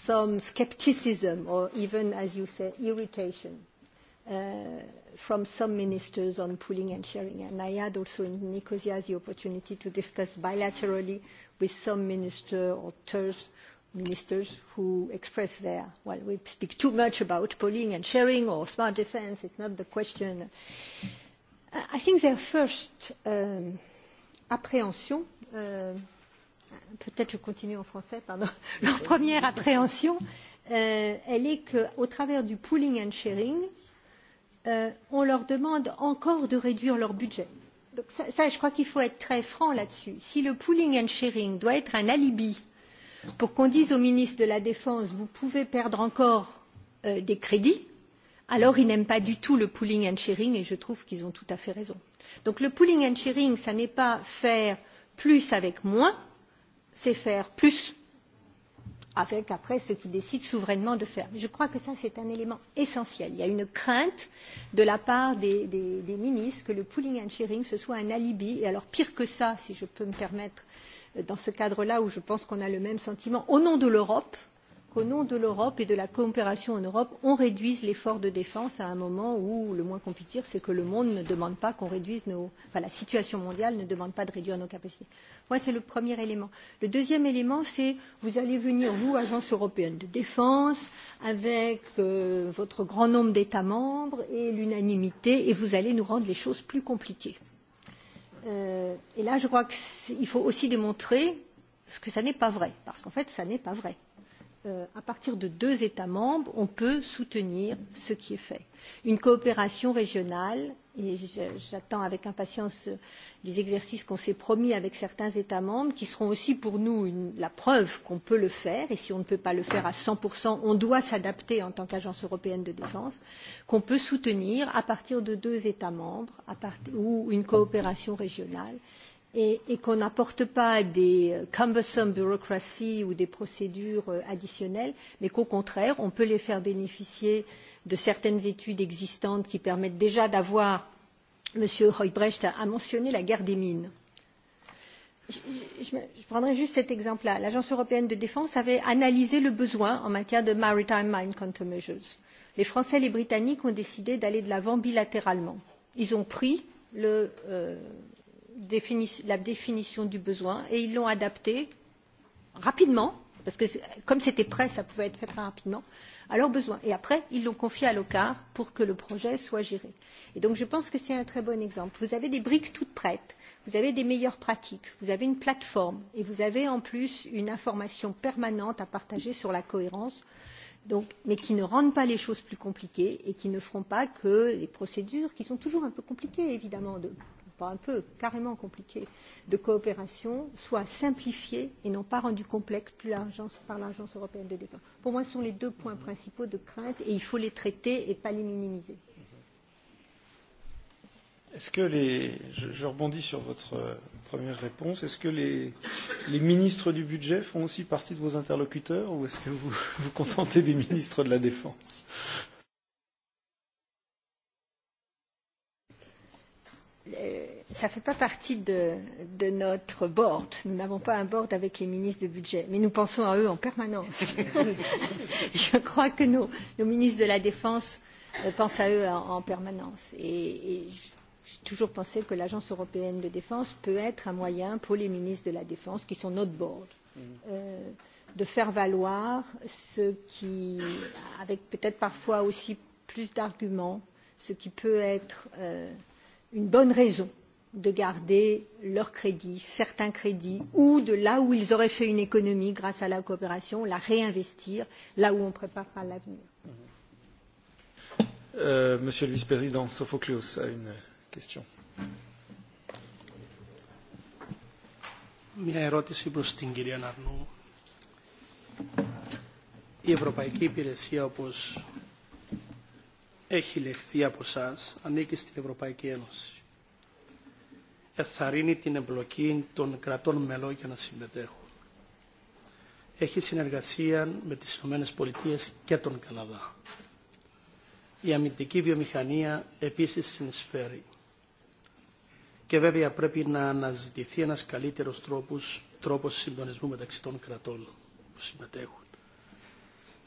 Speaker 2: some scepticism or even, as you say, irritation uh, from some ministers on pooling and sharing. And I had also in Nicosia the opportunity to discuss bilaterally with some minister or TERS ministers who express their, well, we speak too much about pooling and sharing or smart defense, it's not the question. I think their first um, apprehension uh, peut-être je continue en français, pardon, leur première appréhension, euh, elle est qu'au travers du pooling and sharing, euh, on leur demande encore de réduire leur budget. Donc ça, ça je crois qu'il faut être très franc là-dessus. Si le pooling and sharing doit être un alibi pour qu'on dise au ministre de la Défense, vous pouvez perdre encore euh, des crédits, alors ils n'aiment pas du tout le pooling and sharing et je trouve qu'ils ont tout à fait raison. Donc le pooling and sharing, ça n'est pas faire plus avec moins, c'est faire plus avec après ceux qui décident souverainement de faire. Je crois que ça, c'est un élément essentiel. Il y a une crainte de la part des, des, des ministres que le pooling and sharing, ce soit un alibi. Et alors, pire que ça, si je peux me permettre, euh, dans ce cadre-là où je pense qu'on a le même sentiment, au nom de l'Europe, qu'au nom de l'Europe et de la coopération en Europe, on réduise l'effort de défense à un moment où le moins qu'on puisse dire, c'est que le monde ne demande pas qu'on réduise nos... Enfin, la situation mondiale ne demande pas de réduire nos capacités. Moi, c'est le premier élément. Le deuxième élément, c'est vous allez venir, vous, agence européenne de défense, avec euh, votre grand nombre d'États membres et l'unanimité, et vous allez nous rendre les choses plus compliquées. Euh, et là, je crois qu'il faut aussi démontrer ce que ça n'est pas vrai, parce qu'en fait, ça n'est pas vrai euh, à partir de deux États membres, on peut soutenir ce qui est fait. Une coopération régionale et j'attends avec impatience euh, les exercices qu'on s'est promis avec certains États membres, qui seront aussi pour nous une, la preuve qu'on peut le faire, et si on ne peut pas le faire à 100%, on doit s'adapter en tant qu'agence européenne de défense, qu'on peut soutenir à partir de deux États membres à part, ou une coopération régionale et, et qu'on n'apporte pas des euh, cumbersome bureaucraties ou des procédures euh, additionnelles, mais qu'au contraire, on peut les faire bénéficier de certaines études existantes qui permettent déjà d'avoir M. Heubrecht a mentionné la guerre des mines. Je, je, je prendrai juste cet exemple-là. L'Agence européenne de défense avait analysé le besoin en matière de maritime mine countermeasures. Les Français et les Britanniques ont décidé d'aller de l'avant bilatéralement. Ils ont pris le, euh, définis, la définition du besoin et ils l'ont adaptée rapidement, parce que comme c'était prêt, ça pouvait être fait très rapidement, à leurs besoins. Et après, ils l'ont confié à l'OCAR pour que le projet soit géré. Et donc, je pense que c'est un très bon exemple. Vous avez des briques toutes prêtes, vous avez des meilleures pratiques, vous avez une plateforme et vous avez en plus une information permanente à partager sur la cohérence. Donc, mais qui ne rendent pas les choses plus compliquées et qui ne feront pas que les procédures, qui sont toujours un peu compliquées évidemment de pas un peu, carrément compliquée, de coopération soit simplifiée et non pas rendue complexe plus par l'Agence européenne de défense. Pour moi, ce sont les deux points principaux de crainte et il faut les traiter et pas les minimiser.
Speaker 1: Est-ce que les, je, je rebondis sur votre euh, première réponse, est-ce que les, les ministres du budget font aussi partie de vos interlocuteurs ou est-ce que vous [LAUGHS] vous contentez des ministres de la Défense
Speaker 2: Euh, ça ne fait pas partie de, de notre board. Nous n'avons pas un board avec les ministres du budget, mais nous pensons à eux en permanence. [LAUGHS] Je crois que nos, nos ministres de la Défense euh, pensent à eux en, en permanence. Et, et j'ai toujours pensé que l'Agence européenne de défense peut être un moyen pour les ministres de la Défense, qui sont notre board, mmh. euh, de faire valoir ce qui, avec peut-être parfois aussi plus d'arguments, ce qui peut être. Euh, une bonne raison de garder leurs crédits, certains crédits, ou de là où ils auraient fait une économie grâce à la coopération, la réinvestir là où on préparera l'avenir.
Speaker 1: Euh, monsieur le vice-président Sophocleos a une question.
Speaker 6: Μια ερώτηση προς την κυρία Ναρνού. Η Ευρωπαϊκή Υπηρεσία, όπως έχει λεχθεί από εσά ανήκει στην Ευρωπαϊκή Ένωση. Εθαρρύνει την εμπλοκή των κρατών μελών για να συμμετέχουν. Έχει συνεργασία με τις Ηνωμένες Πολιτείες και τον Καναδά. Η αμυντική βιομηχανία επίσης συνεισφέρει. Και βέβαια πρέπει να αναζητηθεί ένας καλύτερος τρόπος, τρόπος συντονισμού μεταξύ των κρατών που συμμετέχουν.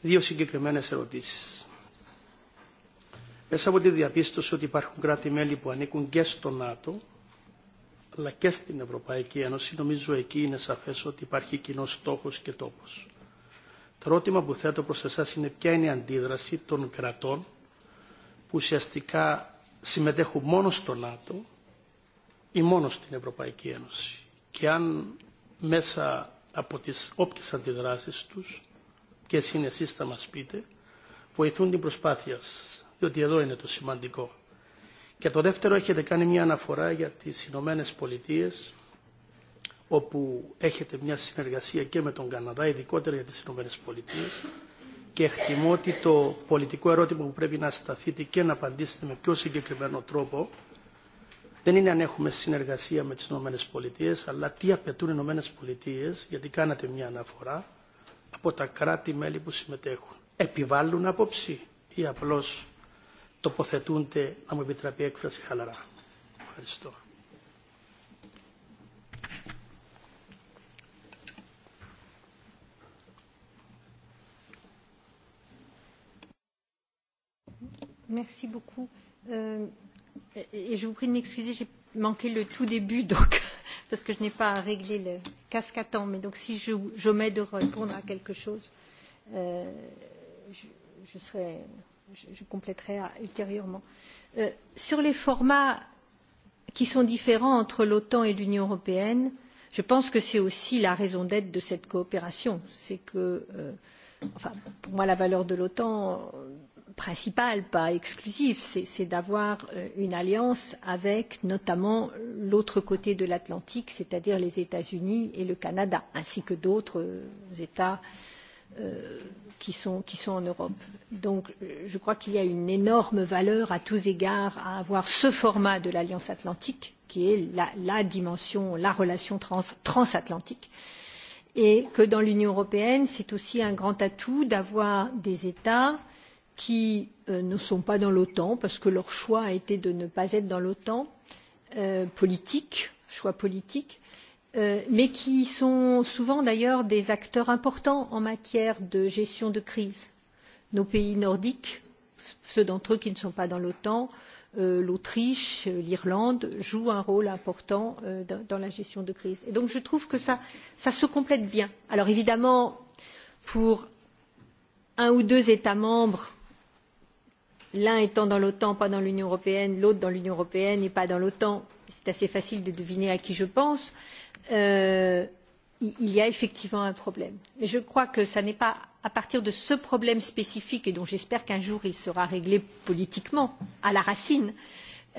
Speaker 6: Δύο συγκεκριμένες ερωτήσεις Μέσα από τη διαπίστωση ότι υπάρχουν κράτη-μέλη που ανήκουν και στο ΝΑΤΟ, αλλά και στην Ευρωπαϊκή Ένωση, νομίζω εκεί είναι σαφές ότι υπάρχει κοινό στόχος και τόπος. Το ερώτημα που θέτω προς εσάς είναι ποια είναι η αντίδραση των κρατών που ουσιαστικά συμμετέχουν μόνο στο ΝΑΤΟ ή μόνο στην Ευρωπαϊκή Ένωση. Και αν μέσα από τις όποιες αντιδράσεις τους, ποιες είναι εσείς θα μας πείτε, βοηθούν την προσπάθεια σας διότι εδώ είναι το σημαντικό. Και το δεύτερο έχετε κάνει μια αναφορά για τις Ηνωμένε Πολιτείες όπου έχετε μια συνεργασία και με τον Καναδά, ειδικότερα για τις Ηνωμένε Πολιτείες και εκτιμώ ότι το πολιτικό ερώτημα που πρέπει να σταθείτε και να απαντήσετε με πιο συγκεκριμένο τρόπο δεν είναι αν έχουμε συνεργασία με τις Ηνωμένες Πολιτείες, αλλά τι απαιτούν οι Ηνωμένες Πολιτείες, γιατί κάνατε μια αναφορά, από τα κράτη-μέλη που συμμετέχουν. Επιβάλλουν άποψη ή απλώς τοποθετούνται, να μου επιτραπεί έκφραση χαλαρά. Ευχαριστώ.
Speaker 2: Merci beaucoup. Euh, et je vous prie de m'excuser, j'ai manqué le tout début, donc, [LAUGHS] parce que je n'ai pas réglé le casque à temps. Mais donc, si j'omets de répondre à quelque chose, euh, je, je serai je, je compléterai à, ultérieurement. Euh, sur les formats qui sont différents entre l'OTAN et l'Union européenne, je pense que c'est aussi la raison d'être de cette coopération. C'est que, euh, enfin, pour moi, la valeur de l'OTAN principale, pas exclusive, c'est d'avoir euh, une alliance avec notamment l'autre côté de l'Atlantique, c'est-à-dire les États-Unis et le Canada, ainsi que d'autres euh, États euh, euh, qui, sont, qui sont en Europe. Donc euh, je crois qu'il y a une énorme valeur à tous égards à avoir ce format de l'Alliance atlantique, qui est la, la dimension, la relation trans, transatlantique. Et que dans l'Union européenne, c'est aussi un grand atout d'avoir des États qui euh, ne sont pas dans l'OTAN, parce que leur choix a été de ne pas être dans l'OTAN, euh, politique, choix politique, Euh, mais qui sont souvent d'ailleurs des acteurs importants en matière de gestion de crise. Nos pays nordiques, ceux d'entre eux qui ne sont pas dans l'OTAN, euh, l'Autriche, l'Irlande jouent un rôle important euh, dans la gestion de crise. Et donc je trouve que ça, ça se complète bien. Alors évidemment, pour un ou deux États membres, l'un étant dans l'OTAN, pas dans l'Union européenne, l'autre dans l'Union européenne et pas dans l'OTAN, c'est assez facile de deviner à qui je pense. Euh, euh, il y a effectivement un problème. Mais je crois que ce n'est pas à partir de ce problème spécifique, et dont j'espère qu'un jour il sera réglé politiquement, à la racine,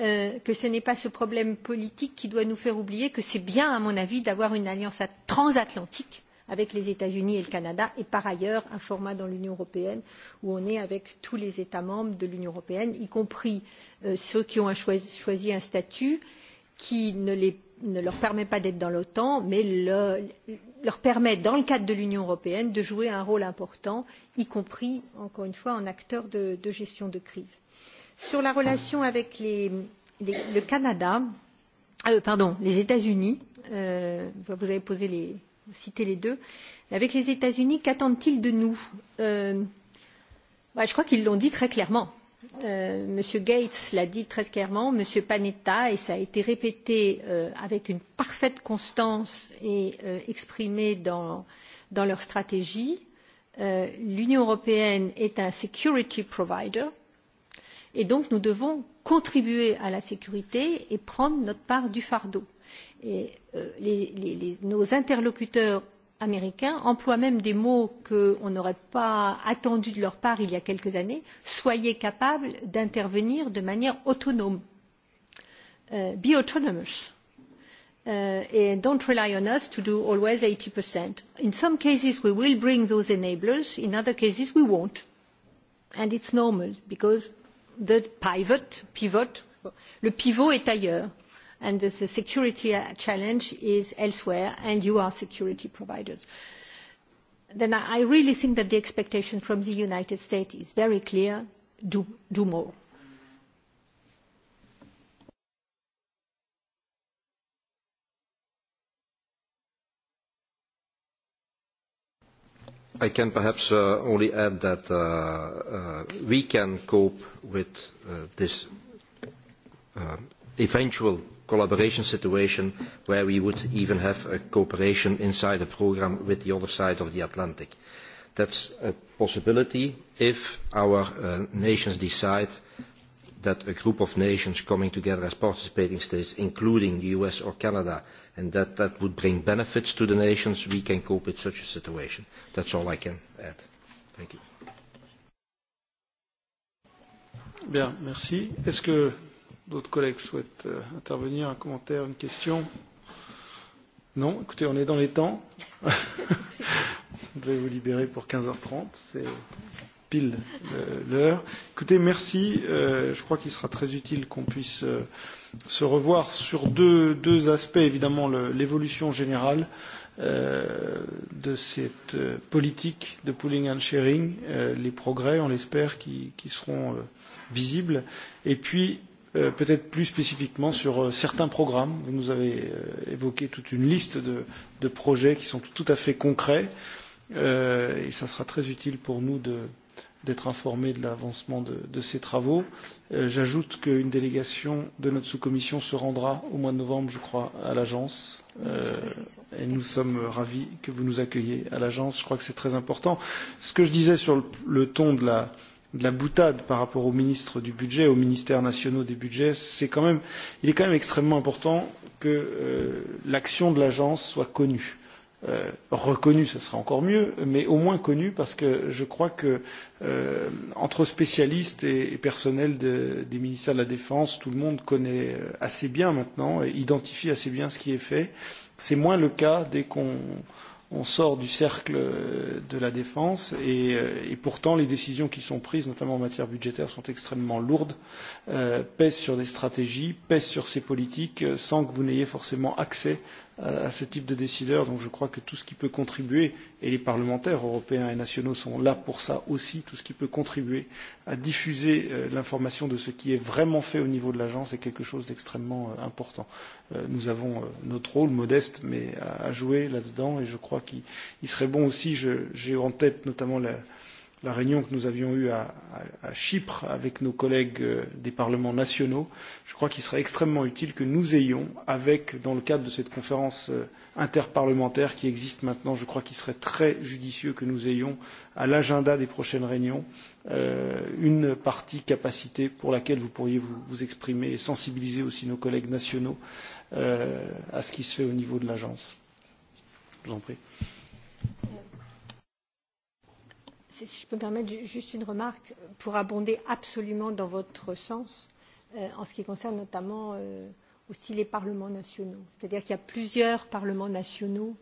Speaker 2: euh, que ce n'est pas ce problème politique qui doit nous faire oublier que c'est bien, à mon avis, d'avoir une alliance transatlantique avec les États-Unis et le Canada, et par ailleurs un format dans l'Union européenne où on est avec tous les États membres de l'Union européenne, y compris euh, ceux qui ont un choisi, choisi un statut qui ne les ne leur permet pas d'être dans l'OTAN, mais le, leur permet, dans le cadre de l'Union européenne, de jouer un rôle important, y compris, encore une fois, en acteur de, de gestion de crise. Sur la relation avec les, les, le Canada, euh, pardon, les États-Unis, euh, vous avez posé les, cité les deux, avec les États-Unis, qu'attendent-ils de nous euh, bah, Je crois qu'ils l'ont dit très clairement euh, M. Gates l'a dit très clairement, M. Panetta, et ça a été répété euh, avec une parfaite constance et euh, exprimé dans, dans leur stratégie, euh, l'Union européenne est un security provider et donc nous devons contribuer à la sécurité et prendre notre part du fardeau. Et, euh, les, les, les, nos interlocuteurs américains emploient même des mots qu'on n'aurait pas attendus de leur part il y a quelques années soyez capables d'intervenir de manière autonome uh, be autonomous uh, and don't rely on us to do always 80%. In some cases we will bring those enablers, in other cases we won't. And it's normal because the pivot, pivot, le pivot est ailleurs and the security challenge is elsewhere, and you are security providers. Then I really think that the expectation from the United States is very clear, do, do more.
Speaker 4: I can perhaps uh, only add that uh, uh, we can cope with uh, this uh, eventual collaboration situation where we would even have a cooperation inside a program with the other side of the Atlantic. That's a possibility if our uh, nations decide that a group of nations coming together as participating states, including the US or Canada, and that that would bring benefits to the nations, we can cope with such a situation. That's all I can add. Thank you.
Speaker 1: Bien, merci. Est-ce que D'autres collègues souhaitent euh, intervenir, un commentaire, une question Non Écoutez, on est dans les temps. [LAUGHS] Je vais vous libérer pour 15h30. C'est pile euh, l'heure. Écoutez, merci. Euh, je crois qu'il sera très utile qu'on puisse euh, se revoir sur deux, deux aspects. Évidemment, l'évolution générale euh, de cette euh, politique de pooling and sharing, euh, les progrès, on l'espère, qui, qui seront euh, visibles. Et puis, euh, peut-être plus spécifiquement sur euh, certains programmes. Vous nous avez euh, évoqué toute une liste de, de projets qui sont tout à fait concrets euh, et ça sera très utile pour nous de, d'être informé de l'avancement de, de ces travaux. Euh, J'ajoute qu'une délégation de notre sous-commission se rendra au mois de novembre, je crois, à l'agence. Euh, et nous sommes ravis que vous nous accueilliez à l'agence. Je crois que c'est très important. Ce que je disais sur le, le ton de la, euh, de la boutade par rapport au ministre du budget, aux ministères nationaux des budgets, c'est quand même, il est quand même extrêmement important que euh, l'action de l'agence soit connue. Euh, reconnue, ce serait encore mieux, mais au moins connue parce que je crois que euh, entre spécialistes et, et personnel de, des ministères de la Défense, tout le monde connaît euh, assez bien maintenant et identifie assez bien ce qui est fait. C'est moins le cas dès qu'on euh, on sort du cercle de la défense et, euh, et pourtant les décisions qui sont prises, notamment en matière budgétaire, sont extrêmement lourdes euh, pèse sur des stratégies, pèse sur ces politiques, euh, sans que vous n'ayez forcément accès euh, à ce type de décideurs. Donc je crois que tout ce qui peut contribuer, et les parlementaires européens et nationaux sont là pour ça aussi, tout ce qui peut contribuer à diffuser euh, l'information de ce qui est vraiment fait au niveau de l'agence est quelque chose d'extrêmement euh, important. Euh, nous avons euh, notre rôle modeste, mais à, à jouer là-dedans, et je crois qu'il serait bon aussi, j'ai en tête notamment la, euh, la réunion que nous avions eue à, à, à Chypre avec nos collègues euh, des parlements nationaux, je crois qu'il serait extrêmement utile que nous ayons, avec, dans le cadre de cette conférence euh, interparlementaire qui existe maintenant, je crois qu'il serait très judicieux que nous ayons à l'agenda des prochaines réunions euh, une partie capacité pour laquelle vous pourriez vous, vous exprimer et sensibiliser aussi nos collègues nationaux euh, à ce qui se fait au niveau de l'agence. Je vous en prie
Speaker 2: si je peux me permettre juste une remarque pour abonder absolument dans votre sens euh, en ce qui concerne notamment euh, aussi les parlements nationaux. C'est-à-dire qu'il y a plusieurs parlements nationaux,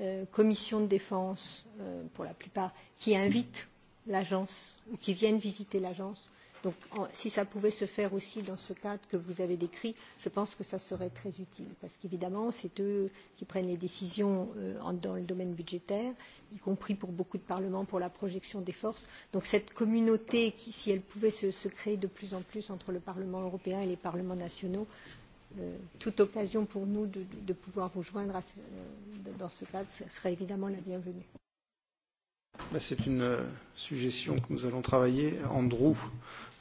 Speaker 2: euh, commissions de défense euh, pour la plupart, qui invitent l'agence ou qui viennent visiter l'agence Donc en, si ça pouvait se faire aussi dans ce cadre que vous avez décrit, je pense que ça serait très utile. Parce qu'évidemment, c'est eux qui prennent les décisions euh, en, dans le domaine budgétaire, y compris pour beaucoup de parlements, pour la projection des forces. Donc cette communauté, qui, si elle pouvait se, se créer de plus en plus entre le Parlement européen et les parlements nationaux, euh, toute occasion pour nous de, de, de pouvoir vous joindre à, euh, dans ce cadre serait évidemment la bienvenue.
Speaker 1: C'est une euh, suggestion que nous allons travailler. Andrew,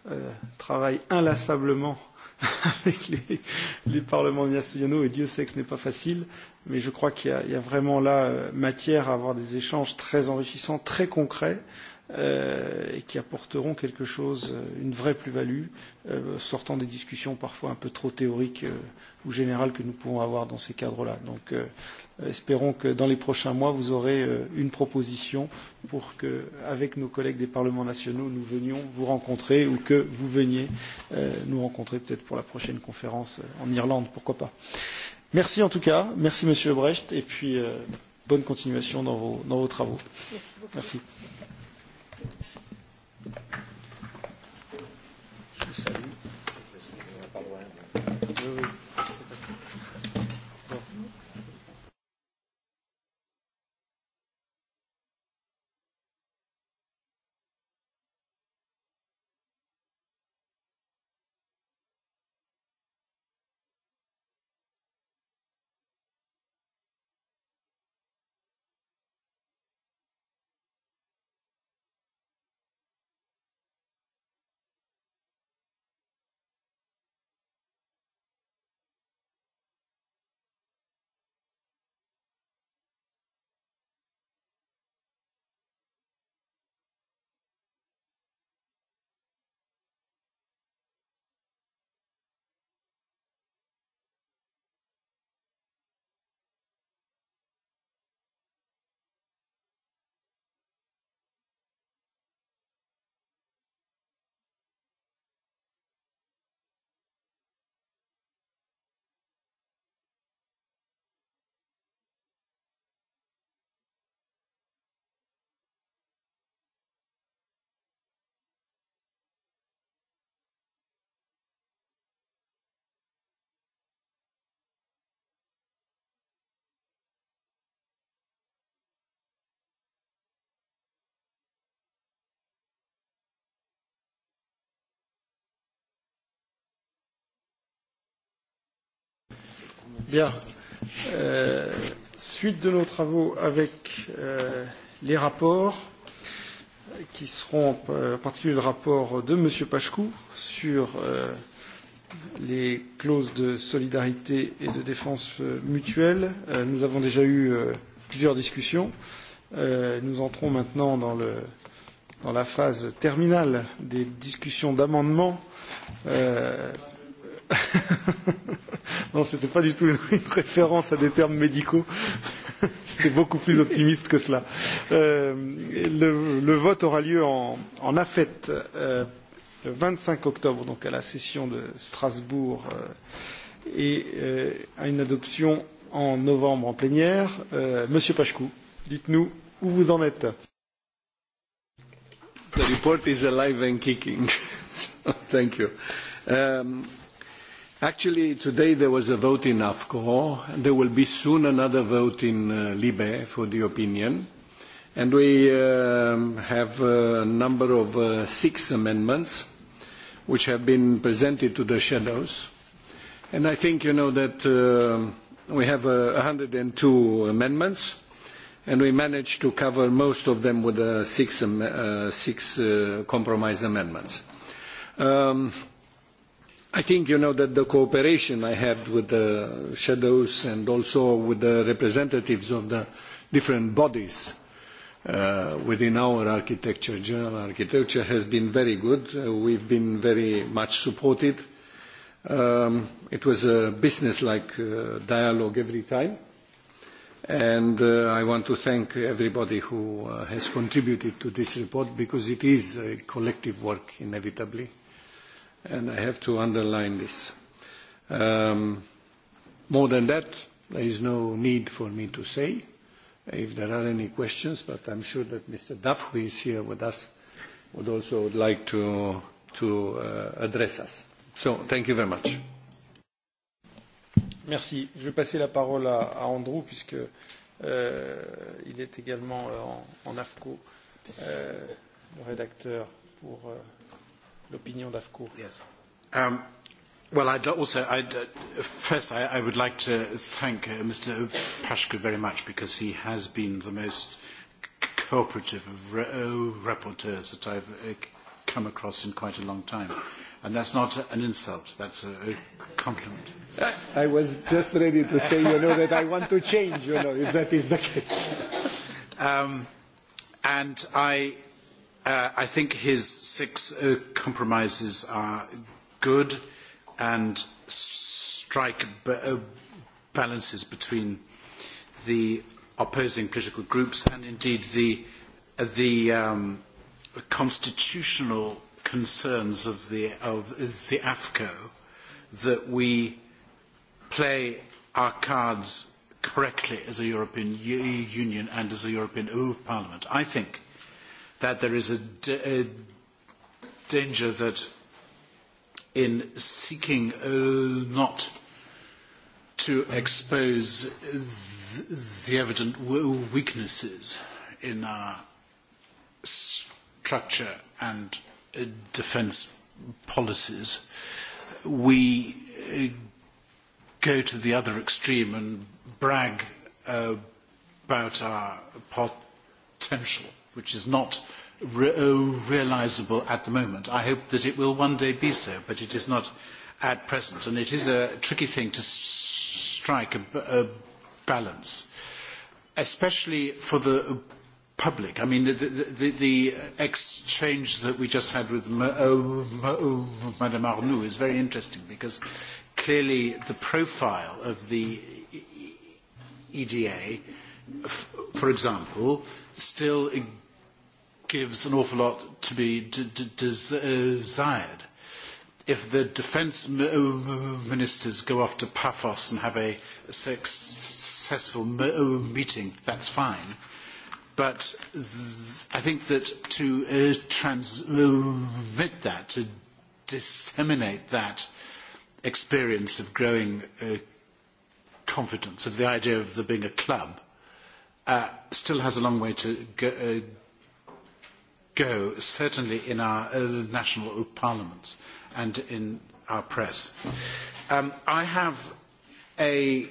Speaker 1: euh, travaille inlassablement [LAUGHS] avec les, les parlements nationaux, et Dieu sait que ce n'est pas facile mais je crois qu'il y, a, il y a vraiment là euh, matière à avoir des échanges très enrichissants, très concrets, euh, et qui apporteront quelque chose, euh, une vraie plus-value, euh, sortant des discussions parfois un peu trop théoriques euh, ou générales que nous pouvons avoir dans ces cadres-là. Donc euh, espérons que dans les prochains mois, vous aurez euh, une proposition pour que, avec nos collègues des parlements nationaux, nous venions vous rencontrer ou que vous veniez euh, nous rencontrer peut-être pour la prochaine conférence euh, en Irlande, pourquoi pas. Merci en tout cas. Merci Monsieur Brecht. Et puis, euh, bonne continuation dans vos, dans vos travaux. Merci. Beaucoup. merci. Bien. Euh, suite de nos travaux avec euh, les rapports qui seront euh, en particulier le rapport de M. Pachkou sur euh, les clauses de solidarité et de défense euh, mutuelle. Euh, nous avons déjà eu euh, plusieurs discussions. Euh, nous entrons maintenant dans, le, dans la phase terminale des discussions d'amendements. Euh, [LAUGHS] Non, c'était pas du tout une, [LAUGHS] une référence à des termes médicaux. [LAUGHS] c'était beaucoup plus optimiste que cela. Euh, le, le vote aura lieu en, en AFET euh, le 25 octobre, donc à la session de Strasbourg, euh, et euh, à une adoption en novembre en plénière. Euh, Monsieur Pachkou, dites-nous où vous en êtes.
Speaker 3: The report is alive and kicking. [LAUGHS] so, thank you. Um, Actually, today there was a vote in AFCO. There will be soon another vote in uh, Libe for the opinion. And we um, have a number of uh, six amendments which have been presented to the shadows. And I think you know that uh, we have uh, 102 amendments and we managed to cover most of them with uh, six, um, uh, six uh, compromise amendments. Um, I think you know that the cooperation I had with the shadows and also with the representatives of the different bodies uh, within our architecture, general architecture, has been very good. Uh, we've been very much supported. Um, it was a business-like uh, dialogue every time. And uh, I want to thank everybody who uh, has contributed to this report because it is a collective work, inevitably and I have to underline this. Um, more than that, there is no need for me to say if there are any questions, but I'm sure that Mr. Duff, who is here with us, would also would like to, to uh, address us. So thank you very much.
Speaker 1: Merci. Je vais passer la parole à, à Andrew, puisque euh, il est également euh, en, en AFCO euh, le rédacteur pour euh, l'opinion d'AFCO. Yes.
Speaker 5: Um, well, I'd also, I'd, uh, first, I, I would like to thank uh, Mr. Pashku very much because he has been the most cooperative of re- oh, rapporteurs that I've uh, come across in quite a long time. And that's not an insult, that's a, a
Speaker 3: compliment. I was just ready to say, you know, that I want to change, you know, if that is the case. [LAUGHS]
Speaker 5: Um, and I Uh, I think his six uh, compromises are good and strike b- uh, balances between the opposing political groups and indeed the, uh, the um, constitutional concerns of the, of the AFCO that we play our cards correctly as a European U- Union and as a European Parliament. I think that there is a, d- a danger that in seeking uh, not to expose th- the evident w- weaknesses in our structure and uh, defence policies, we uh, go to the other extreme and brag uh, about our potential which is not re- uh, realizable at the moment. I hope that it will one day be so, but it is not at present. And it is a tricky thing to s- strike a, a balance, especially for the public. I mean, the, the, the exchange that we just had with Ma- oh, Ma- oh, Madame Arnoux is very interesting because clearly the profile of the EDA, e, e for example, still gives an awful lot to be d- d- uh, desired. If the defence uh, ministers go off to Paphos and have a successful uh, meeting, that's fine. But th- I think that to uh, transmit that, to disseminate that experience of growing uh, confidence, of the idea of there being a club, uh, still has a long way to go, uh, go, certainly in our uh, national parliaments and in our press. Um, I have a,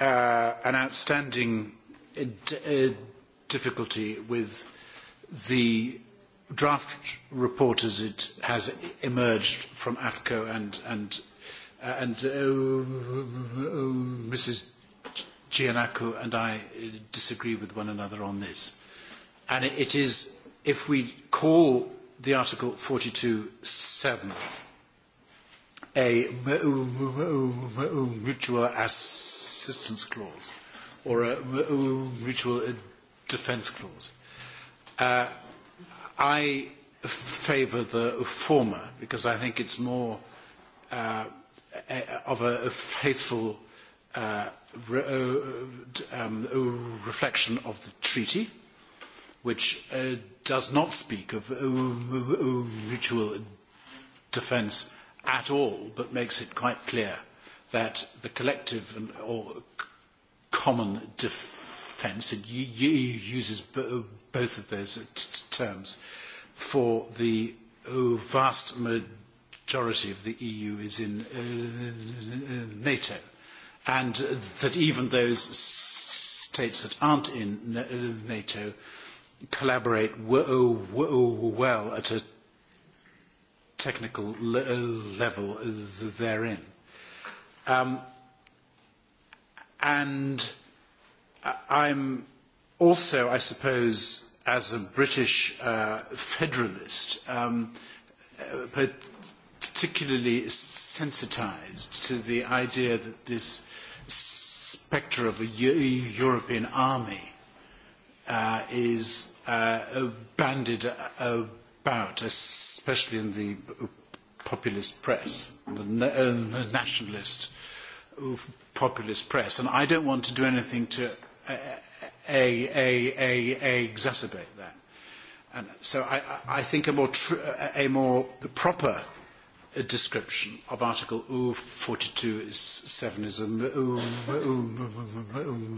Speaker 5: uh, an outstanding uh, d- uh, difficulty with the draft report as it has emerged from AFCO and, and, uh, and uh, Mrs. Giannakou and I disagree with one another on this and it is if we call the article 42.7 a mutual assistance clause or a mutual defence clause. Uh, I favour the former because I think it's more uh, of a faithful uh, re uh, um, reflection of the treaty which uh, does not speak of uh, mutual defence at all, but makes it quite clear that the collective and, or common defence, it uses both of those terms, for the uh, vast majority of the EU is in uh, NATO. And that even those states that aren't in uh, NATO collaborate well at a technical uh, level therein. Um, and I'm also, I suppose, as a British uh, federalist, um, uh, particularly sensitized to the idea that this spectre of a European army uh, is uh, banded about, especially in the populist press, the na- uh, nationalist uh, populist press. And I don't want to do anything to uh, a, a, a, a exacerbate that. And so I, I think a more, tr- a more proper a description of Article 42.7 is a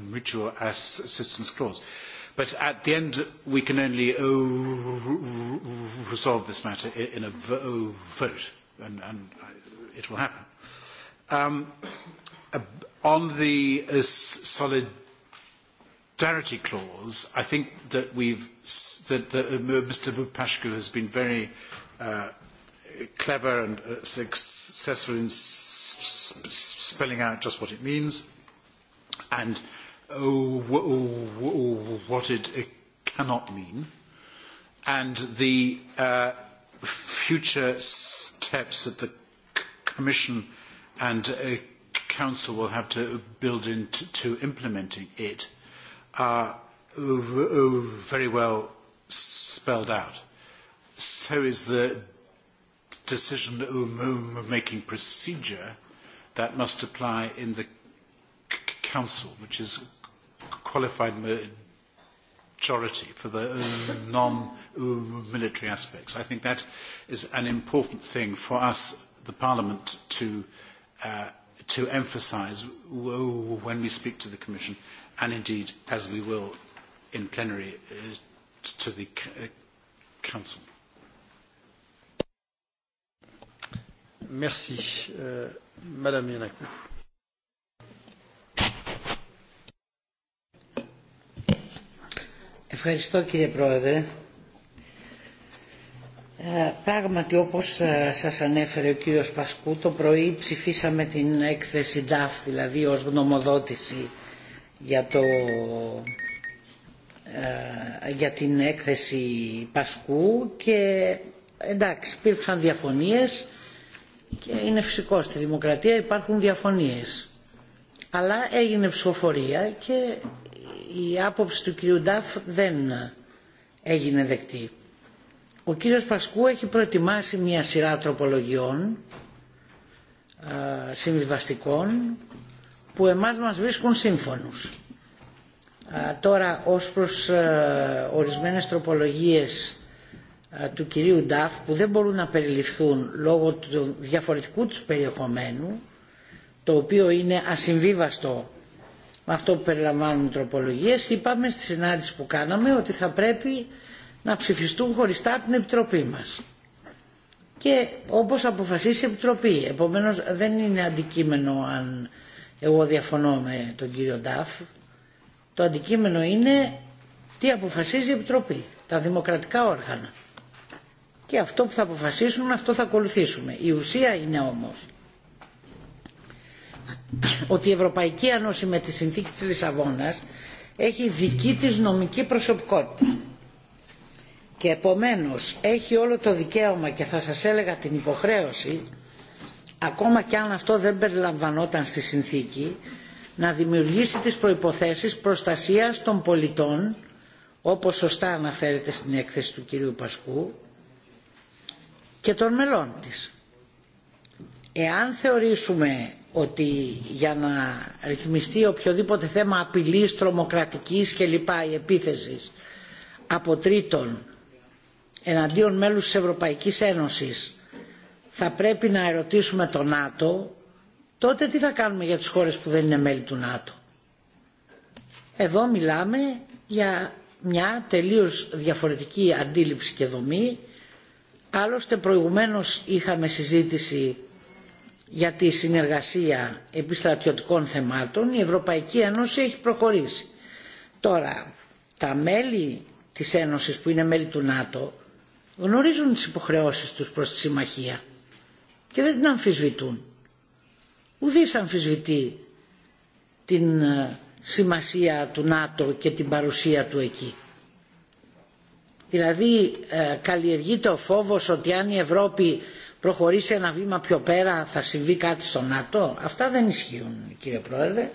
Speaker 5: mutual assistance clause. Uh, But at the end, we can only oh, resolve this matter in a vote, and, and it will happen. Um, on the uh, solidarity clause, I think that we've that uh, Mr. Pashku has been very uh, clever and uh, successful in sp sp spelling out just what it means, and oh, oh, oh, what it uh, cannot mean, and the uh, future steps that the Commission and uh, Council will have to build into implementing it are uh, very well spelled out. So is the decision-making uh, procedure that must apply in the Council, which is qualified majority for the uh, non-military aspects. I think that is an important thing for us, the Parliament, to, uh, to emphasise when we speak to the Commission, and indeed, as we will in plenary, uh, to the uh, Council.
Speaker 1: Merci. Euh,
Speaker 7: Madame Yanakou. Ευχαριστώ κύριε Πρόεδρε. Πράγματι όπως σας ανέφερε ο κύριος Πασκού το πρωί ψηφίσαμε την έκθεση DAF δηλαδή ως γνωμοδότηση για, το, για την έκθεση Πασκού και εντάξει υπήρξαν διαφωνίες και είναι φυσικό στη δημοκρατία υπάρχουν διαφωνίες αλλά έγινε ψηφοφορία και η άποψη του κυρίου Νταφ δεν έγινε δεκτή. Ο κύριος Πασκού έχει προετοιμάσει μια σειρά τροπολογιών συμβιβαστικών που εμάς μας βρίσκουν σύμφωνους. Τώρα ως προς ορισμένες τροπολογίες του κυρίου Νταφ που δεν μπορούν να περιληφθούν λόγω του διαφορετικού τους περιεχομένου το οποίο είναι ασυμβίβαστο με αυτό που περιλαμβάνουν τροπολογίες, είπαμε στη συνάντηση που κάναμε ότι θα πρέπει να ψηφιστούν χωριστά από την Επιτροπή μας. Και όπως αποφασίσει η Επιτροπή. Επομένως δεν είναι αντικείμενο αν εγώ διαφωνώ με τον κύριο Νταφ. Το αντικείμενο είναι τι αποφασίζει η Επιτροπή, τα δημοκρατικά όργανα. Και αυτό που θα αποφασίσουν αυτό θα ακολουθήσουμε. Η ουσία είναι όμως ότι η Ευρωπαϊκή Ένωση με τη συνθήκη της Λισαβόνας έχει δική της νομική προσωπικότητα και επομένως έχει όλο το δικαίωμα και θα σας έλεγα την υποχρέωση ακόμα και αν αυτό δεν περιλαμβανόταν στη συνθήκη να δημιουργήσει τις προϋποθέσεις προστασίας των πολιτών όπως σωστά αναφέρεται στην έκθεση του κυρίου Πασκού και των μελών της. Εάν θεωρήσουμε ότι για να ρυθμιστεί οποιοδήποτε θέμα απειλής, τρομοκρατικής κλπ. η επίθεση από τρίτον εναντίον μέλους της Ευρωπαϊκής Ένωσης θα πρέπει να ερωτήσουμε το ΝΑΤΟ, τότε τι θα κάνουμε για τις χώρες που δεν είναι μέλη του ΝΑΤΟ. Εδώ μιλάμε για μια τελείως διαφορετική αντίληψη και δομή. Άλλωστε προηγουμένως είχαμε συζήτηση για τη συνεργασία επιστρατιωτικών θεμάτων η Ευρωπαϊκή Ένωση έχει προχωρήσει. Τώρα, τα μέλη της Ένωσης που είναι μέλη του ΝΑΤΟ γνωρίζουν τις υποχρεώσεις τους προς τη Συμμαχία και δεν την αμφισβητούν. Ουδής αμφισβητεί την σημασία του ΝΑΤΟ και την παρουσία του εκεί. Δηλαδή ε, καλλιεργείται ο φόβος ότι αν η Ευρώπη προχωρήσει ένα βήμα πιο πέρα θα συμβεί κάτι στο ΝΑΤΟ. Αυτά δεν ισχύουν κύριε Πρόεδρε.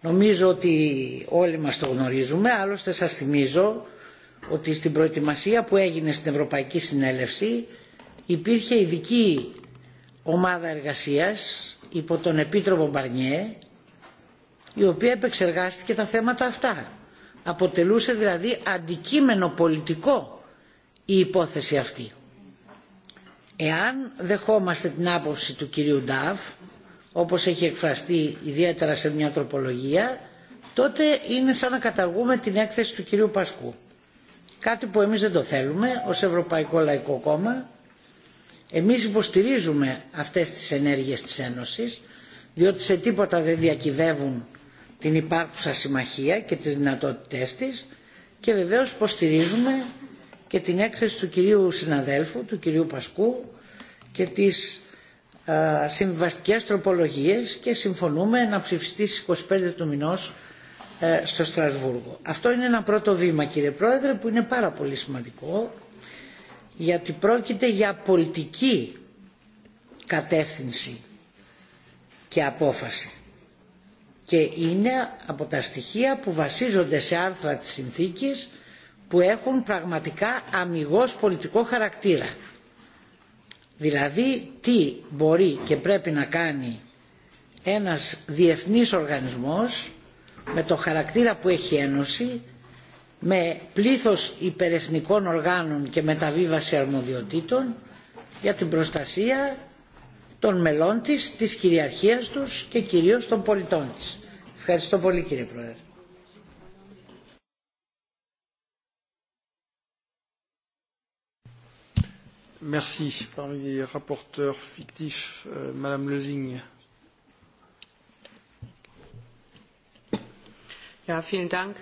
Speaker 7: Νομίζω ότι όλοι μας το γνωρίζουμε, άλλωστε σας θυμίζω ότι στην προετοιμασία που έγινε στην Ευρωπαϊκή Συνέλευση υπήρχε ειδική ομάδα εργασίας υπό τον Επίτροπο Μπαρνιέ η οποία επεξεργάστηκε τα θέματα αυτά. Αποτελούσε δηλαδή αντικείμενο πολιτικό η υπόθεση αυτή. Εάν δεχόμαστε την άποψη του κυρίου Νταφ, όπως έχει εκφραστεί ιδιαίτερα σε μια τροπολογία, τότε είναι σαν να καταργούμε την έκθεση του κυρίου Πασκού. Κάτι που εμείς δεν το θέλουμε ως Ευρωπαϊκό Λαϊκό Κόμμα. Εμείς υποστηρίζουμε αυτές τις ενέργειες της Ένωσης, διότι σε τίποτα δεν διακυβεύουν την υπάρχουσα συμμαχία και τις δυνατότητές της και βεβαίως υποστηρίζουμε και την έκθεση του κυρίου συναδέλφου, του κυρίου Πασκού και τις α, συμβαστικές τροπολογίες και συμφωνούμε να ψηφιστεί στις 25 του μηνός ε, στο Στρασβούργο. Αυτό είναι ένα πρώτο βήμα κύριε Πρόεδρε που είναι πάρα πολύ σημαντικό γιατί πρόκειται για πολιτική κατεύθυνση και απόφαση και είναι από τα στοιχεία που βασίζονται σε άρθρα της συνθήκης που έχουν πραγματικά αμυγός πολιτικό χαρακτήρα. Δηλαδή τι μπορεί και πρέπει να κάνει ένας διεθνής οργανισμός με το χαρακτήρα που έχει ένωση, με πλήθος υπερεθνικών οργάνων και μεταβίβαση αρμοδιοτήτων για την προστασία των μελών της, της κυριαρχίας τους και κυρίως των πολιτών της. Ευχαριστώ πολύ κύριε Πρόεδρε.
Speaker 1: Merci. Parmi les rapporteurs fictifs, euh,
Speaker 8: Madame Lezing. Ja, vielen Dank.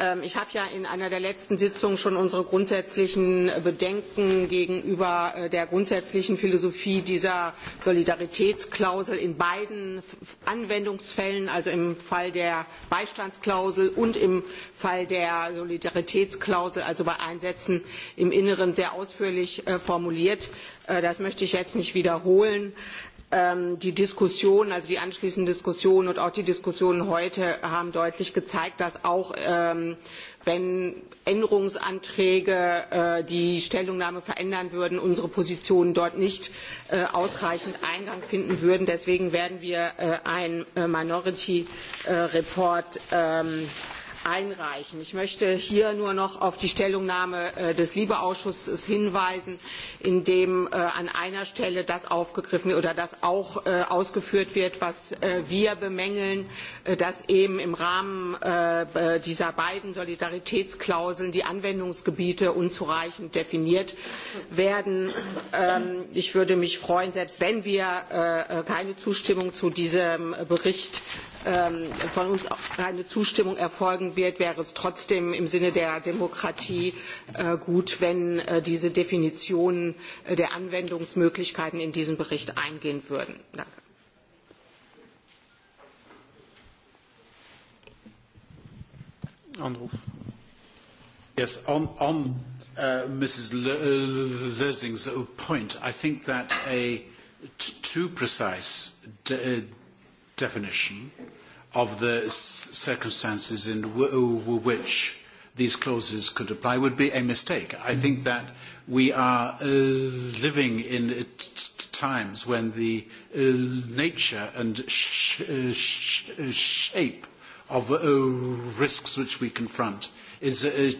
Speaker 8: Ähm, ich habe ja in einer der letzten Sitzungen schon unsere grundsätzlichen Bedenken gegenüber äh, der grundsätzlichen Philosophie dieser Solidaritätsklausel in beiden Anwendungsfällen, also im Fall der Beistandsklausel und im Fall der Solidaritätsklausel, also bei Einsätzen im Inneren sehr ausführlich äh, formuliert. Äh, das möchte ich jetzt nicht wiederholen. Äh, Ähm, die Diskussion, also die anschließende Diskussion und auch die Diskussionen heute haben deutlich gezeigt, dass auch ähm, wenn Änderungsanträge äh, die Stellungnahme verändern würden, unsere Positionen dort nicht äh, ausreichend Eingang finden würden. Deswegen werden wir äh, ein äh, Minority äh, Report ähm, einreichen. Ich möchte hier nur noch auf die Stellungnahme äh, des Liebeausschusses hinweisen, in dem äh, an einer Stelle das aufgegriffen oder das auch äh, ausgeführt wird, was äh, wir bemängeln, äh, dass eben im Rahmen äh, dieser beiden Solidaritätsklauseln die Anwendungsgebiete unzureichend definiert werden. Ähm, ich würde mich freuen, selbst wenn wir äh, äh keine Zustimmung zu diesem Bericht Ähm, von uns eine Zustimmung erfolgen wird, wäre es trotzdem im Sinne der Demokratie äh, gut, wenn äh, diese Definitionen äh, der Anwendungsmöglichkeiten in diesen Bericht eingehen würden. Danke.
Speaker 5: Anruf. Yes, on, on uh, Mrs. Le Lersing's point, I think that a t too precise de uh, definition of the circumstances in which these clauses could apply would be a mistake. I think that we are uh, living in times when the uh, nature and sh- uh, sh- uh, shape of uh, risks which we confront is uh,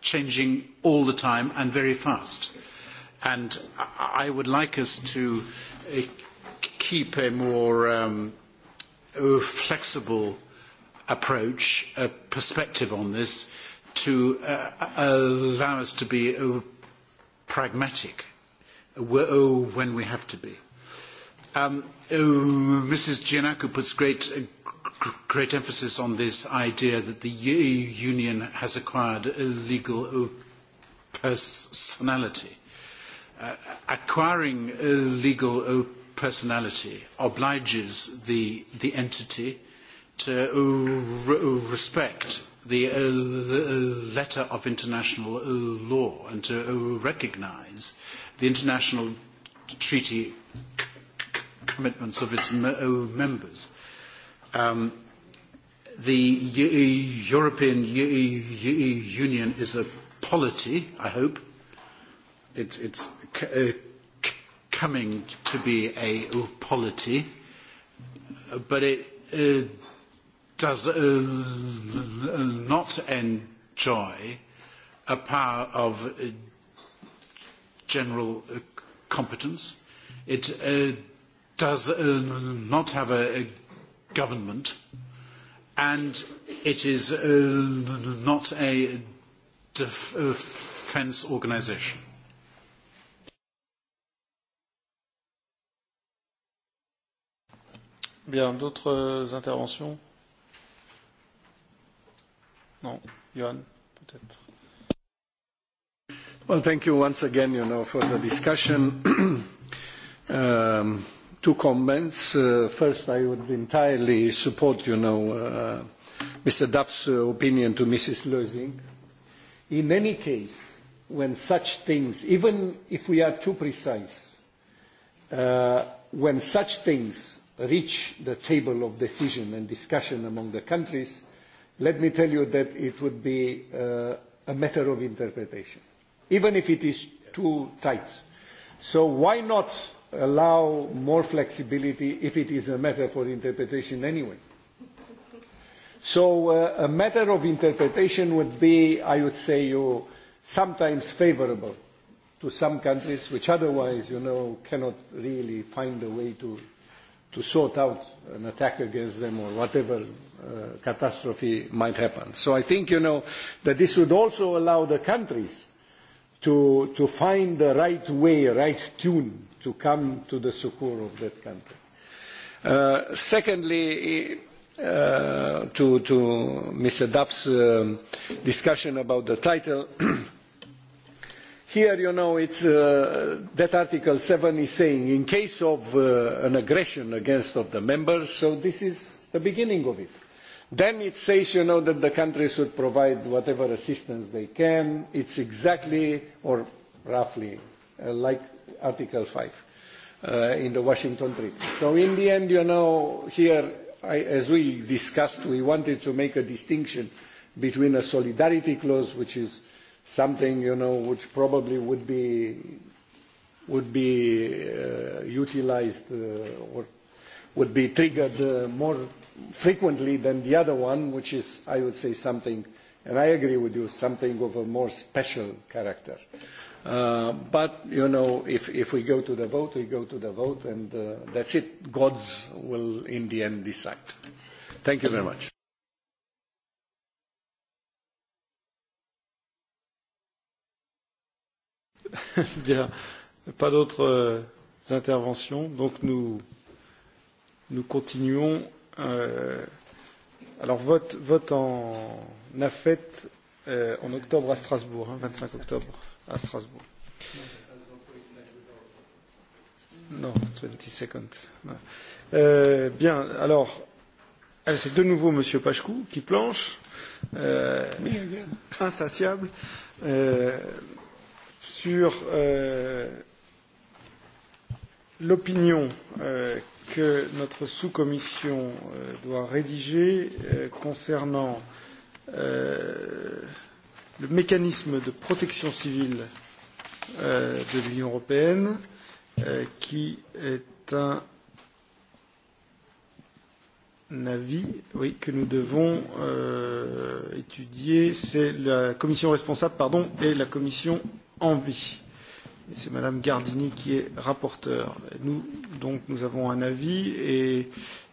Speaker 5: changing all the time and very fast. And I would like us to uh, keep a more um, flexible approach, a perspective on this, to uh, uh allow us to be uh, pragmatic uh, uh when we have to be. Um, uh, Mrs. Giannakou puts great, great emphasis on this idea that the union has acquired a legal personality. Acquiring legal personality obliges the, the entity to re- respect the uh, uh letter of international uh, law and to uh, recognize the international treaty c- c- commitments of its m- uh, members. Um, the U- uh, European U- uh, U- Union is a polity, I hope. It's, it's c- uh, coming to be a polity, but it uh, does uh, not enjoy a power of uh, general uh, competence. It uh, does uh, not have a, a government, and it is uh, not a defense uh, organization.
Speaker 1: Bien, d'autres euh, interventions
Speaker 3: Non, Johan, peut-être. Well, thank you once again, you know, for the discussion. [CLEARS THROAT] um, two comments. Uh, first, I would entirely support, you know, uh, Mr. Duff's uh, opinion to Mrs. Lösing. In any case, when such things, even if we are too precise, uh, when such things reach the table of decision and discussion among the countries, let me tell you that it would be uh, a matter of interpretation, even if it is too tight. So why not allow more flexibility if it is a matter for interpretation anyway? So uh, a matter of interpretation would be, I would say, you sometimes favorable to some countries which otherwise, you know, cannot really find a way to to sort out an attack against them or whatever uh, catastrophe might happen. So I think, you know, that this would also allow the countries to, to find the right way, right tune to come to the succor of that country. Uh, secondly, uh, to, to Mr. Duff's um, discussion about the title, Here, you know, it's, uh, that Article 7 is saying, in case of uh, an aggression against of the members, so this is the beginning of it. Then it says, you know, that the countries should provide whatever assistance they can. It's exactly, or roughly, uh, like Article 5 uh, in the Washington Treaty. So in the end, you know, here, I, as we discussed, we wanted to make a distinction between a solidarity clause, which is uh, something you know which probably would be would be uh, utilized uh, or would be triggered uh, more frequently than the other one, which is, I would say, something, and I agree with you, something of a more special character. Uh, but, you know, if, if we go to the vote, we go to the vote, and uh, that's it. Gods will, in the end, decide. Thank you very much.
Speaker 1: [LAUGHS] Bien, pas d'autres euh, interventions. Donc nous, nous continuons. Euh, alors vote, vote en AFET euh, en octobre à Strasbourg, hein, 25 octobre à Strasbourg. Non, 20 seconds. Euh, bien, alors, c'est de nouveau Monsieur Pachkou qui planche, euh, euh insatiable. Euh, sur euh, l'opinion euh, que notre sous-commission euh, doit rédiger euh, concernant euh, le mécanisme de protection civile euh, de l'Union européenne, euh, qui est un un avis oui, que nous devons euh, étudier. C'est la commission responsable pardon, et la commission Envie. Et c'est Madame Gardini qui est rapporteure. Nous, donc, nous avons un avis et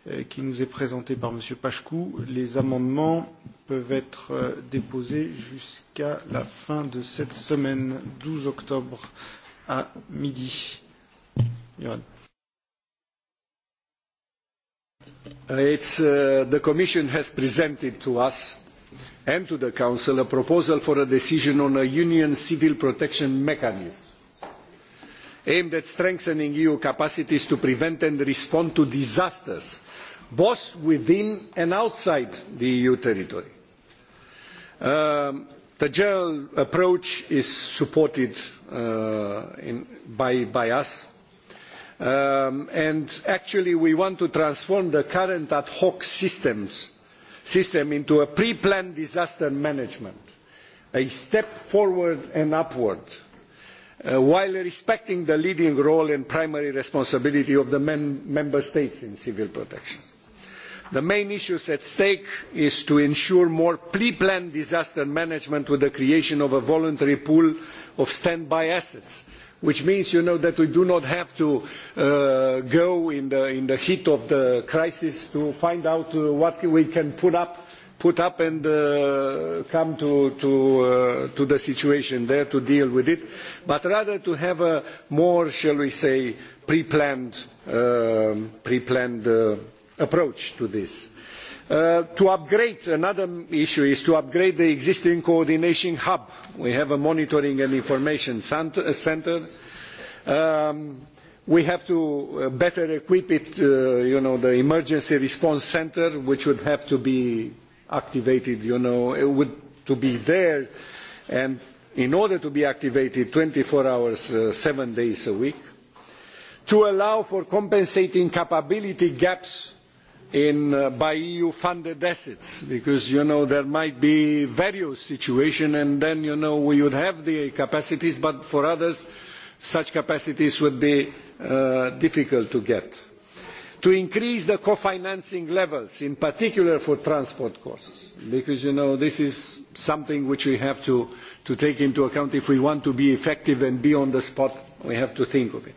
Speaker 1: euh, qui nous est présenté par Monsieur Pachkou. Les amendements peuvent être euh, déposés jusqu'à la fin de cette semaine,
Speaker 3: 12 octobre à midi. Johan. It's, uh, the Commission has presented to us and to the Council a proposal for a decision on a Union civil protection mechanism aimed at strengthening EU capacities to prevent and respond to disasters, both within and outside the EU territory. Um, the general approach is supported uh, in, by, by us, um, and actually we want to transform the current ad hoc systems system into a pre-planned disaster management, a step forward and upward, uh, while respecting the leading role and primary responsibility of the mem member states in civil protection. The main issues at stake is to ensure more pre-planned disaster management with the creation of a voluntary pool of standby assets, uh, which means, you know, that we do not have to uh, go in the, in the heat of the crisis to find out uh, what we can put up, put up and uh, come to, to, uh, to the situation there to deal with it, but rather to have a more, shall we say, pre-planned, uh, pre-planned uh, approach to this. Uh, to upgrade, another issue is to upgrade the existing coordination hub. We have a monitoring and information uh, center. Um, we have to uh, better equip it, uh, you know, the emergency response center, which would have to be activated, you know, it would to be there and in order to be activated 24 hours, uh, seven days a week. To allow for compensating capability gaps in, uh, by EU-funded assets, because, you know, there might be various situations, and then, you know, we would have the capacities, but for others, such capacities would be uh, difficult to get. To increase the co-financing levels, in particular for transport costs, because, you know, this is something which we have to, to take into account if we want to be effective and be on the spot, we have to think of it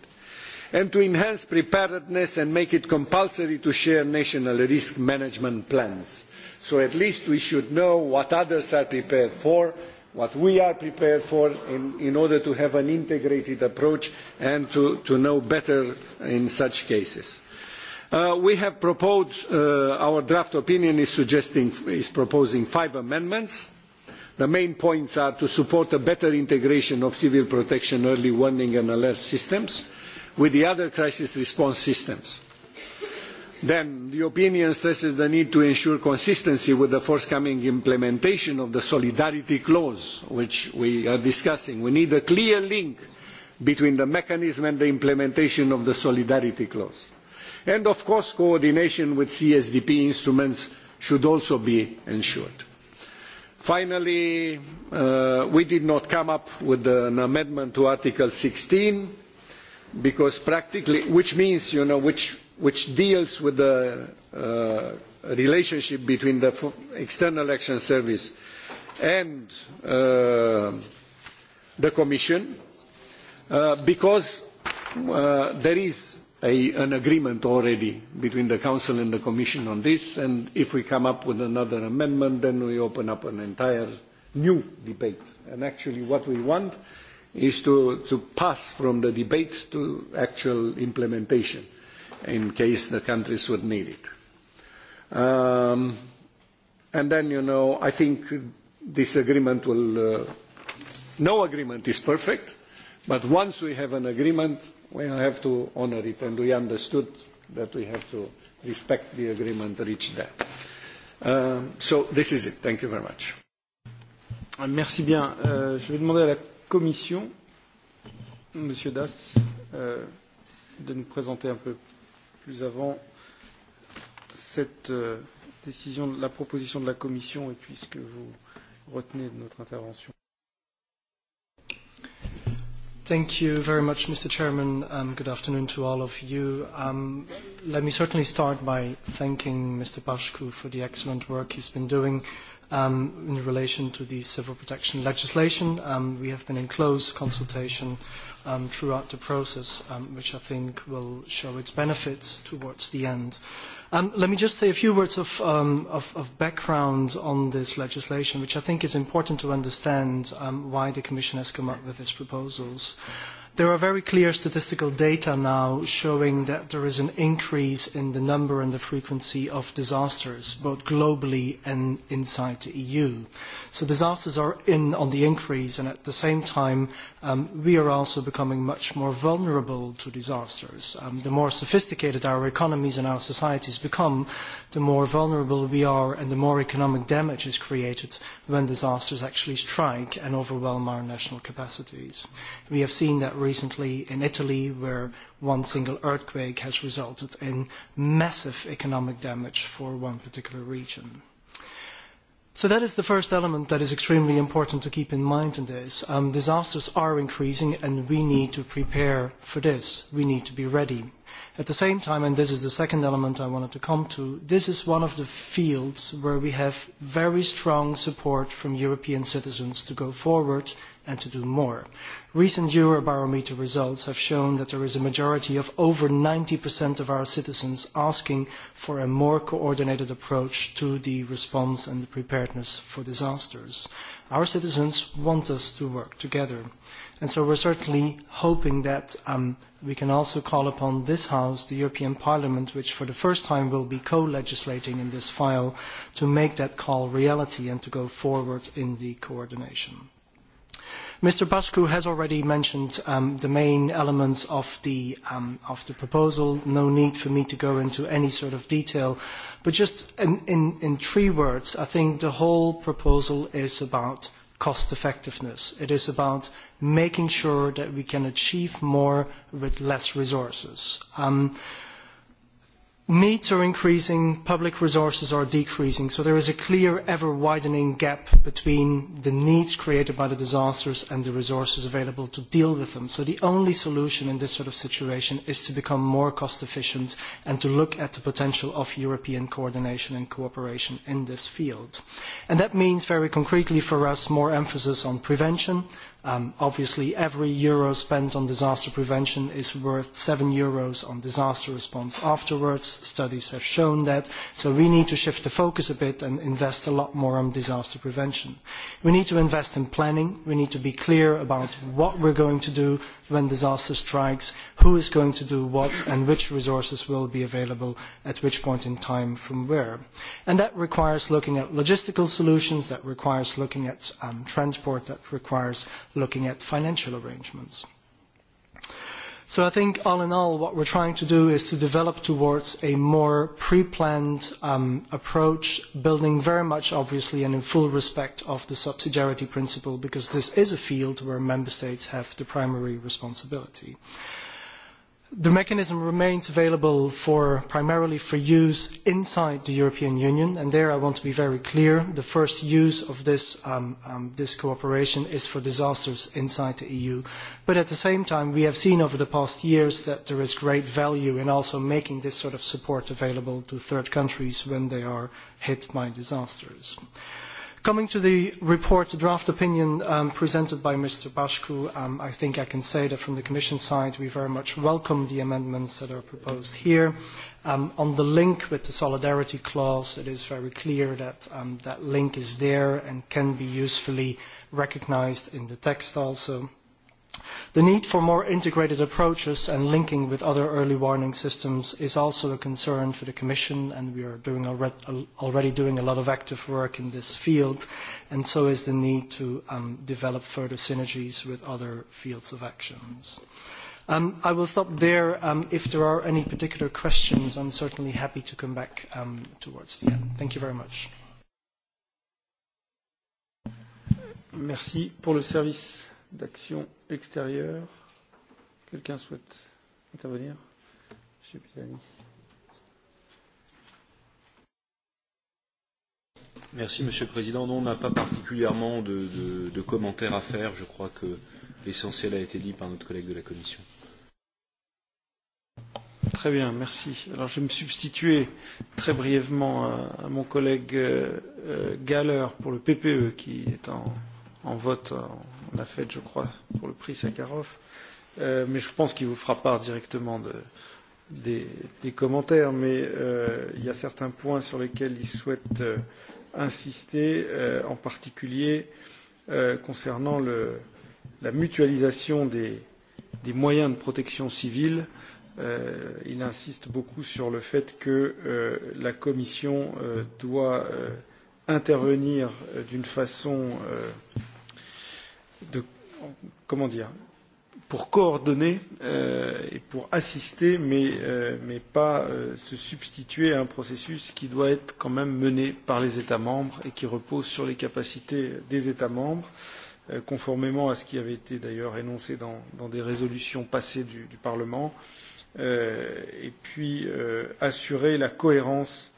Speaker 3: and to enhance preparedness and make it compulsory to share national risk management plans. So at least we should know what others are prepared for, what we are prepared for in, in order to have an integrated approach and to, to know better in such cases. Uh, we have proposed, uh, our draft opinion is, suggesting, is proposing five amendments. The main points are to support a better integration of civil protection early warning and alert systems, uh, with the other crisis response systems. Then, the opinion stresses the need to ensure consistency with the forthcoming implementation of the solidarity clause, which we are discussing. We need a clear link between the mechanism and the implementation of the solidarity clause. And, of course, coordination with CSDP instruments should also be ensured. Finally, uh, we did not come up with an amendment to Article 16 because practically, which means, you know, which, which deals with the uh, relationship between the External Action Service and uh, the Commission, uh, because uh, there is a, an agreement already between the Council and the Commission on this, and if we come up with another amendment, then we open up an entire new debate. And actually what we want uh, is to, to pass from the debate to actual implementation in case the countries would need it. Um, and then, you know, I think this agreement will, uh, no agreement is perfect, but once we have an agreement, we have to honor it, and we understood that we have to respect the agreement reached there. Um, so this is it. Thank you very much.
Speaker 1: Merci bien. Euh, je vais demander à la Commission, Monsieur Das, euh, de nous présenter un peu plus avant cette euh, décision, la proposition de la Commission et puis ce que vous retenez de notre intervention.
Speaker 9: Thank you very much, Mr. Chairman. Um, good afternoon to all of you. Um, let me certainly start by thanking Mr. Pashku for the excellent work he's been doing um, in relation to the civil protection legislation. Um, we have been in close consultation um, throughout the process, um, which I think will show its benefits towards the end. Um, let me just say a few words of, um, of, of background on this legislation, which I think is important to understand um, why the Commission has come up with its proposals. Mm-hmm. There are very clear statistical data now showing that there is an increase in the number and the frequency of disasters, both globally and inside the EU. So disasters are in on the increase, and at the same time, um, we are also becoming much more vulnerable to disasters. Um, the more sophisticated our economies and our societies become, the more vulnerable we are and the more economic damage is created when disasters actually strike and overwhelm our national capacities. We have seen that recently in Italy, where one single earthquake has resulted in massive economic damage for one particular region. So that is the first element that is extremely important to keep in mind in this. Um, disasters are increasing and we need to prepare for this. We need to be ready. At the same time, and this is the second element I wanted to come to, this is one of the fields where we have very strong support from European citizens to go forward and to do more. Recent Eurobarometer results have shown that there is a majority of over 90% of our citizens asking for a more coordinated approach to the response and the preparedness for disasters. Our citizens want us to work together. And so we're certainly hoping that um, we can also call upon this House, the European Parliament, which for the first time will be co-legislating in this file, to make that call reality and to go forward in the coordination. Mr. Pascu has already mentioned um, the main elements of the, um, of the proposal. No need for me to go into any sort of detail. But just in, in, in three words, I think the whole proposal is about cost effectiveness. It is about making sure that we can achieve more with less resources. Um, meets or increasing, public resources are decreasing. So there is a clear, ever-widening gap between the needs created by the disasters and the resources available to deal with them. So the only solution in this sort of situation is to become more cost-efficient and to look at the potential of European coordination and cooperation in this field. And that means, very concretely for us, more emphasis on prevention, Um, obviously, every euro spent on disaster prevention is worth 7 euros on disaster response afterwards. Studies have shown that. So we need to shift the focus a bit and invest a lot more on disaster prevention. We need to invest in planning. We need to be clear about what we're going to do, when disaster strikes, who is going to do what and which resources will be available at which point in time from where. And that requires looking at logistical solutions, that requires looking at um, transport, that requires looking at financial arrangements. So I think all in all, what we're trying to do is to develop towards a more pre-planned um, approach, building very much obviously and in full respect of the subsidiarity principle, because this is a field where member states have the primary responsibility. Uh, The mechanism remains available for, primarily for use inside the European Union, and there I want to be very clear. The first use of this, um, um, this cooperation is for disasters inside the EU. But at the same time, we have seen over the past years that there is great value in also making this sort of support available to third countries when they are hit by disasters. Uh, Coming to the report, the draft opinion um, presented by Mr. Bashku, um, I think I can say that from the Commission side, we very much welcome the amendments that are proposed here. Um, on the link with the solidarity clause, it is very clear that um, that link is there and can be usefully recognized in the text also. The need for more integrated approaches and linking with other early warning systems is also a concern for the Commission, and we are doing alre already doing a lot of active work in this field, and so is the need to um, develop further synergies with other fields of actions. Um, I will stop there. Um, if there are any particular questions, I'm certainly happy to come back um, towards the end. Thank you very much. Merci pour le service d'action
Speaker 1: extérieure. Quelqu'un souhaite intervenir Monsieur Pisani. Merci Monsieur le Président. Non, on n'a pas particulièrement de, de, de commentaires à faire. Je crois que l'essentiel a été dit par notre collègue de la Commission. Très bien, merci. Alors je vais me substituer très brièvement à, à mon collègue euh, Galler pour le PPE qui est en, en vote, euh, on a fait, je crois, pour le prix Sakharov. Euh, mais je pense qu'il vous fera part directement de, des, des commentaires. Mais euh, il y a certains points sur lesquels il souhaite euh, insister, euh, en particulier euh, concernant le, la mutualisation des, des moyens de protection civile. Euh, il insiste beaucoup sur le fait que euh, la Commission euh, doit euh, intervenir euh, d'une façon euh, de comment dire pour coordonner euh, et pour assister, mais, euh, mais pas euh, se substituer à un processus qui doit être quand même mené par les États membres et qui repose sur les capacités des États membres, euh, conformément à ce qui avait été d'ailleurs énoncé dans, dans des résolutions passées du, du Parlement, euh, et puis euh, assurer la cohérence,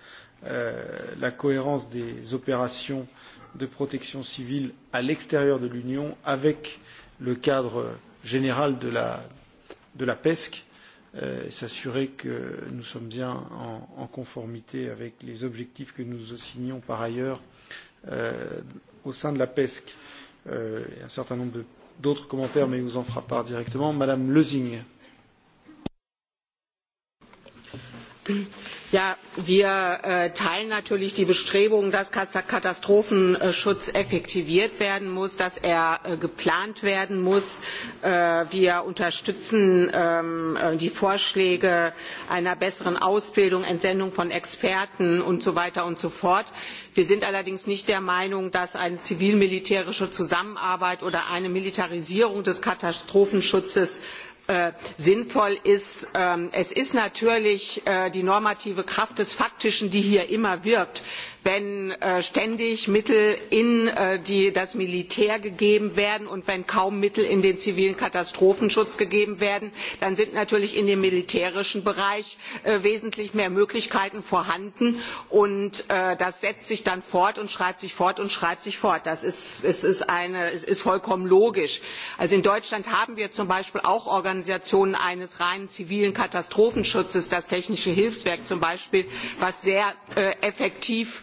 Speaker 1: euh, la cohérence des opérations euh, de protection civile à l'extérieur de l'Union avec le cadre général de la, de la PESC, euh, s'assurer que nous sommes bien en, en conformité avec les objectifs que nous signons par ailleurs euh, au sein de la PESC. Euh, un certain nombre d'autres commentaires, mais il vous en fera part directement. Madame Lezing. Euh,
Speaker 8: Ja, wir äh, teilen natürlich die Bestrebungen, dass Katastrophenschutz effektiviert werden muss, dass er äh, geplant werden muss. Äh, wir unterstützen ähm, äh, die Vorschläge einer besseren Ausbildung, Entsendung von Experten und so weiter und so fort. Wir sind allerdings nicht der Meinung, dass eine zivil-militärische Zusammenarbeit oder eine Militarisierung des Katastrophenschutzes äh, äh, sinnvoll ist. Ähm, es ist natürlich äh, die normative Kraft des Faktischen, die hier immer wirkt wenn äh, ständig Mittel in äh, die, das Militär gegeben werden und wenn kaum Mittel in den zivilen Katastrophenschutz gegeben werden, dann sind natürlich in dem militärischen Bereich äh, wesentlich mehr Möglichkeiten vorhanden und äh, das setzt sich dann fort und schreibt sich fort und schreibt sich fort. Das ist, es ist, eine, es ist vollkommen logisch. Also in Deutschland haben wir zum Beispiel auch Organisationen eines reinen zivilen Katastrophenschutzes, das Technische Hilfswerk zum Beispiel, was sehr äh, effektiv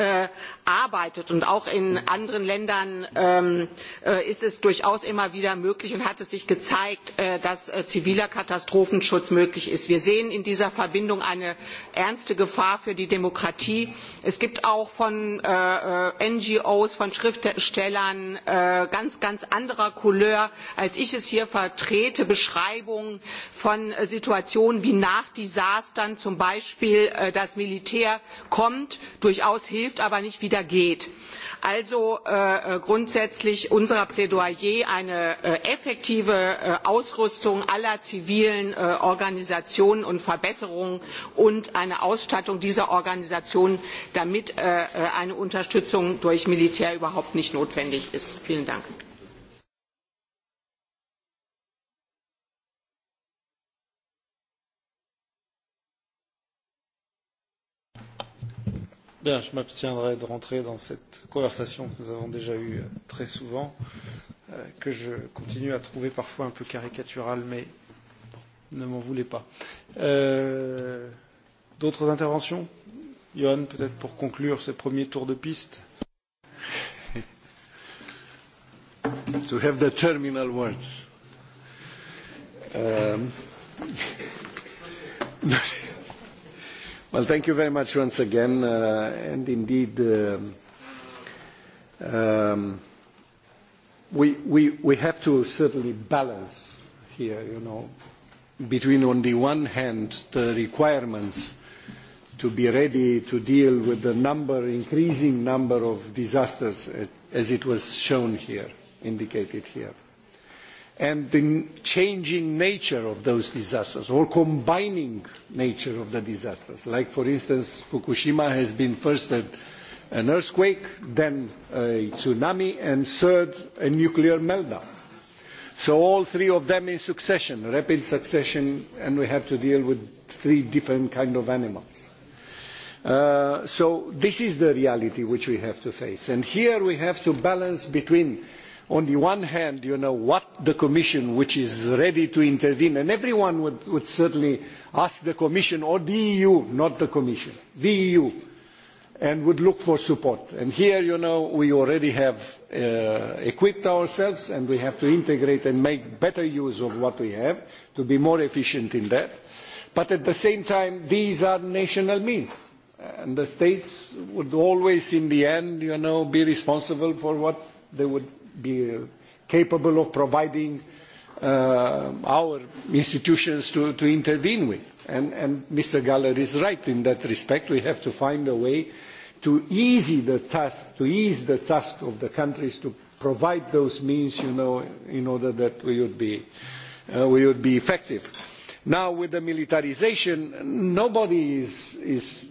Speaker 8: äh, arbeitet. Und auch in anderen Ländern ähm, äh, ist es durchaus immer wieder möglich und hat es sich gezeigt, äh, dass äh, ziviler Katastrophenschutz möglich ist. Wir sehen in dieser Verbindung eine ernste Gefahr für die Demokratie. Es gibt auch von äh, äh NGOs, von Schriftstellern äh, ganz, ganz anderer Couleur, als ich es hier vertrete, Beschreibungen von äh, Situationen wie nach Desastern, zum Beispiel äh, das Militär kommt, durchaus hilft hilft aber nicht wieder geht. also äh, äh grundsätzlich unser plädoyer eine äh, effektive äh, ausrüstung aller zivilen äh, organisationen und verbesserungen und eine ausstattung dieser organisationen damit äh, eine unterstützung durch militär überhaupt nicht notwendig ist. vielen dank.
Speaker 1: Bien, je m'abstiendrai de rentrer dans cette conversation que nous avons déjà eue euh, très souvent, euh, que je continue à trouver parfois un peu caricaturale, mais bon, ne m'en voulez pas. Euh, D'autres interventions Johan, peut-être pour conclure ce premier tour de piste.
Speaker 3: to have the terminal words. Um, [LAUGHS] Well, thank you very much once again. Uh, and indeed, uh, um, we, we, we have to certainly balance here, you know, between, on the one hand, the requirements to be ready to deal with the number, increasing number of disasters, as it was shown here, indicated here and the changing nature of those disasters or combining nature of the disasters. Like for instance, Fukushima has been first a, an earthquake, then a tsunami, and third, a nuclear meltdown. So all three of them in succession, rapid succession, and we have to deal with three different kind of animals. Uh, so this is the reality which we have to face. And here we have to balance between uh, on the one hand, you know, what the Commission, which is ready to intervene, and everyone would, would certainly ask the Commission or the EU, not the Commission, the EU, and would look for support. And here, you know, we already have uh, equipped ourselves and we have to integrate and make better use of what we have to be more efficient in that. But at the same time, these are national means. And the states would always, in the end, you know, be responsible for what they would be capable of providing uh, our institutions to, to intervene with. And, and Mr. Galler is right in that respect. We have to find a way to easy the task, to ease the task of the countries to provide those means, you know, in order that we would be, uh, we would be effective. Now, with the militarization, nobody is, is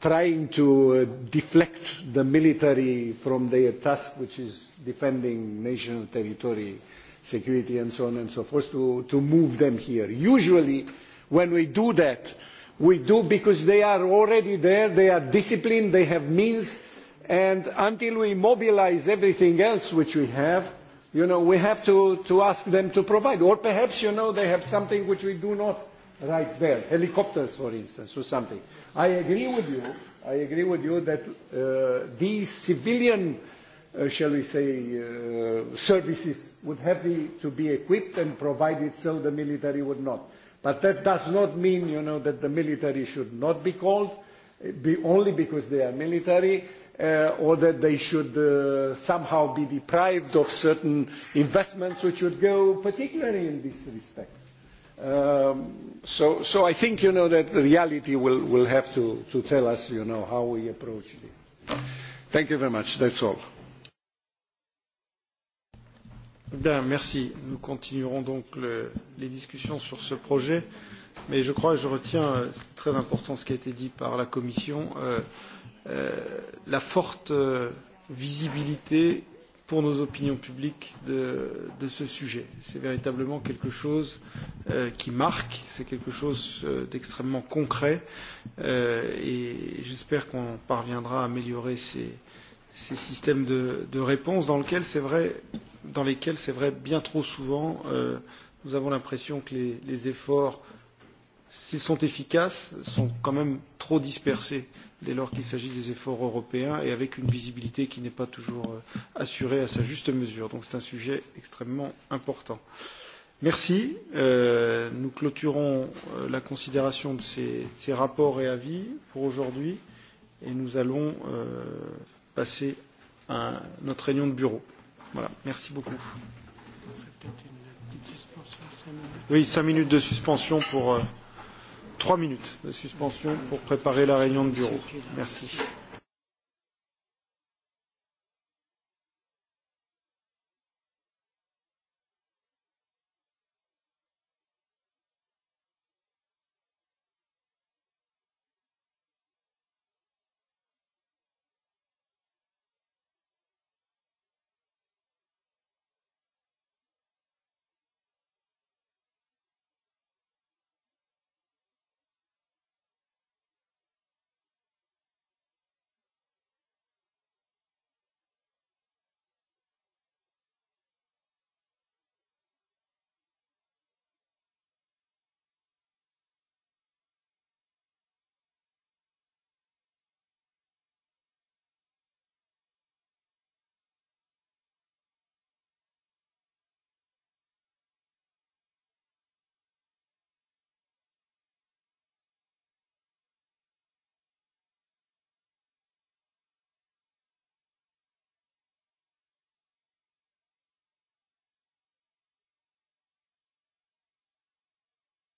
Speaker 3: trying to uh, deflect the military from their task, which is defending national territory, security, and so on and so forth, to, to move them here. Usually, when we do that, we do because they are already there, they are disciplined, they have means, and until we mobilize everything else which we have, you know, we have to, to ask them to provide. Or perhaps, you know, they have something which we do not right there, helicopters, for instance, or something. I agree with you. I agree with you that uh, these civilian, uh, shall we say, uh, services would have to be equipped and provided so the military would not. But that does not mean, you know, that the military should not be called be only because they are military uh, or that they should uh, somehow be deprived of certain investments which would go particularly in this respect. Um, so, so I think you know that the reality will, will have to, to tell us you know how we approach this. Thank you very much. That's all.
Speaker 1: Bien, merci. Nous continuerons donc le, les discussions sur ce projet, mais je crois, je retiens, c'est très important ce qui a été dit par la Commission, euh, euh, la forte euh, visibilité pour nos opinions publiques de, de ce sujet. C'est véritablement quelque chose euh, qui marque, c'est quelque chose euh, d'extrêmement concret euh, et j'espère qu'on parviendra à améliorer ces, ces systèmes de, de réponse dans, lequel vrai, dans lesquels c'est vrai bien trop souvent euh, nous avons l'impression que les, les efforts s'ils sont efficaces, sont quand même trop dispersés dès lors qu'il s'agit des efforts européens et avec une visibilité qui n'est pas toujours euh, assurée à sa juste mesure. Donc c'est un sujet extrêmement important. Merci. Euh, nous clôturons euh, la considération de ces, ces rapports et avis pour aujourd'hui et nous allons euh, passer à notre réunion de bureau. Voilà. Merci beaucoup. Oui, cinq minutes de suspension pour. Euh trois minutes de suspension pour préparer la réunion de bureau. Merci.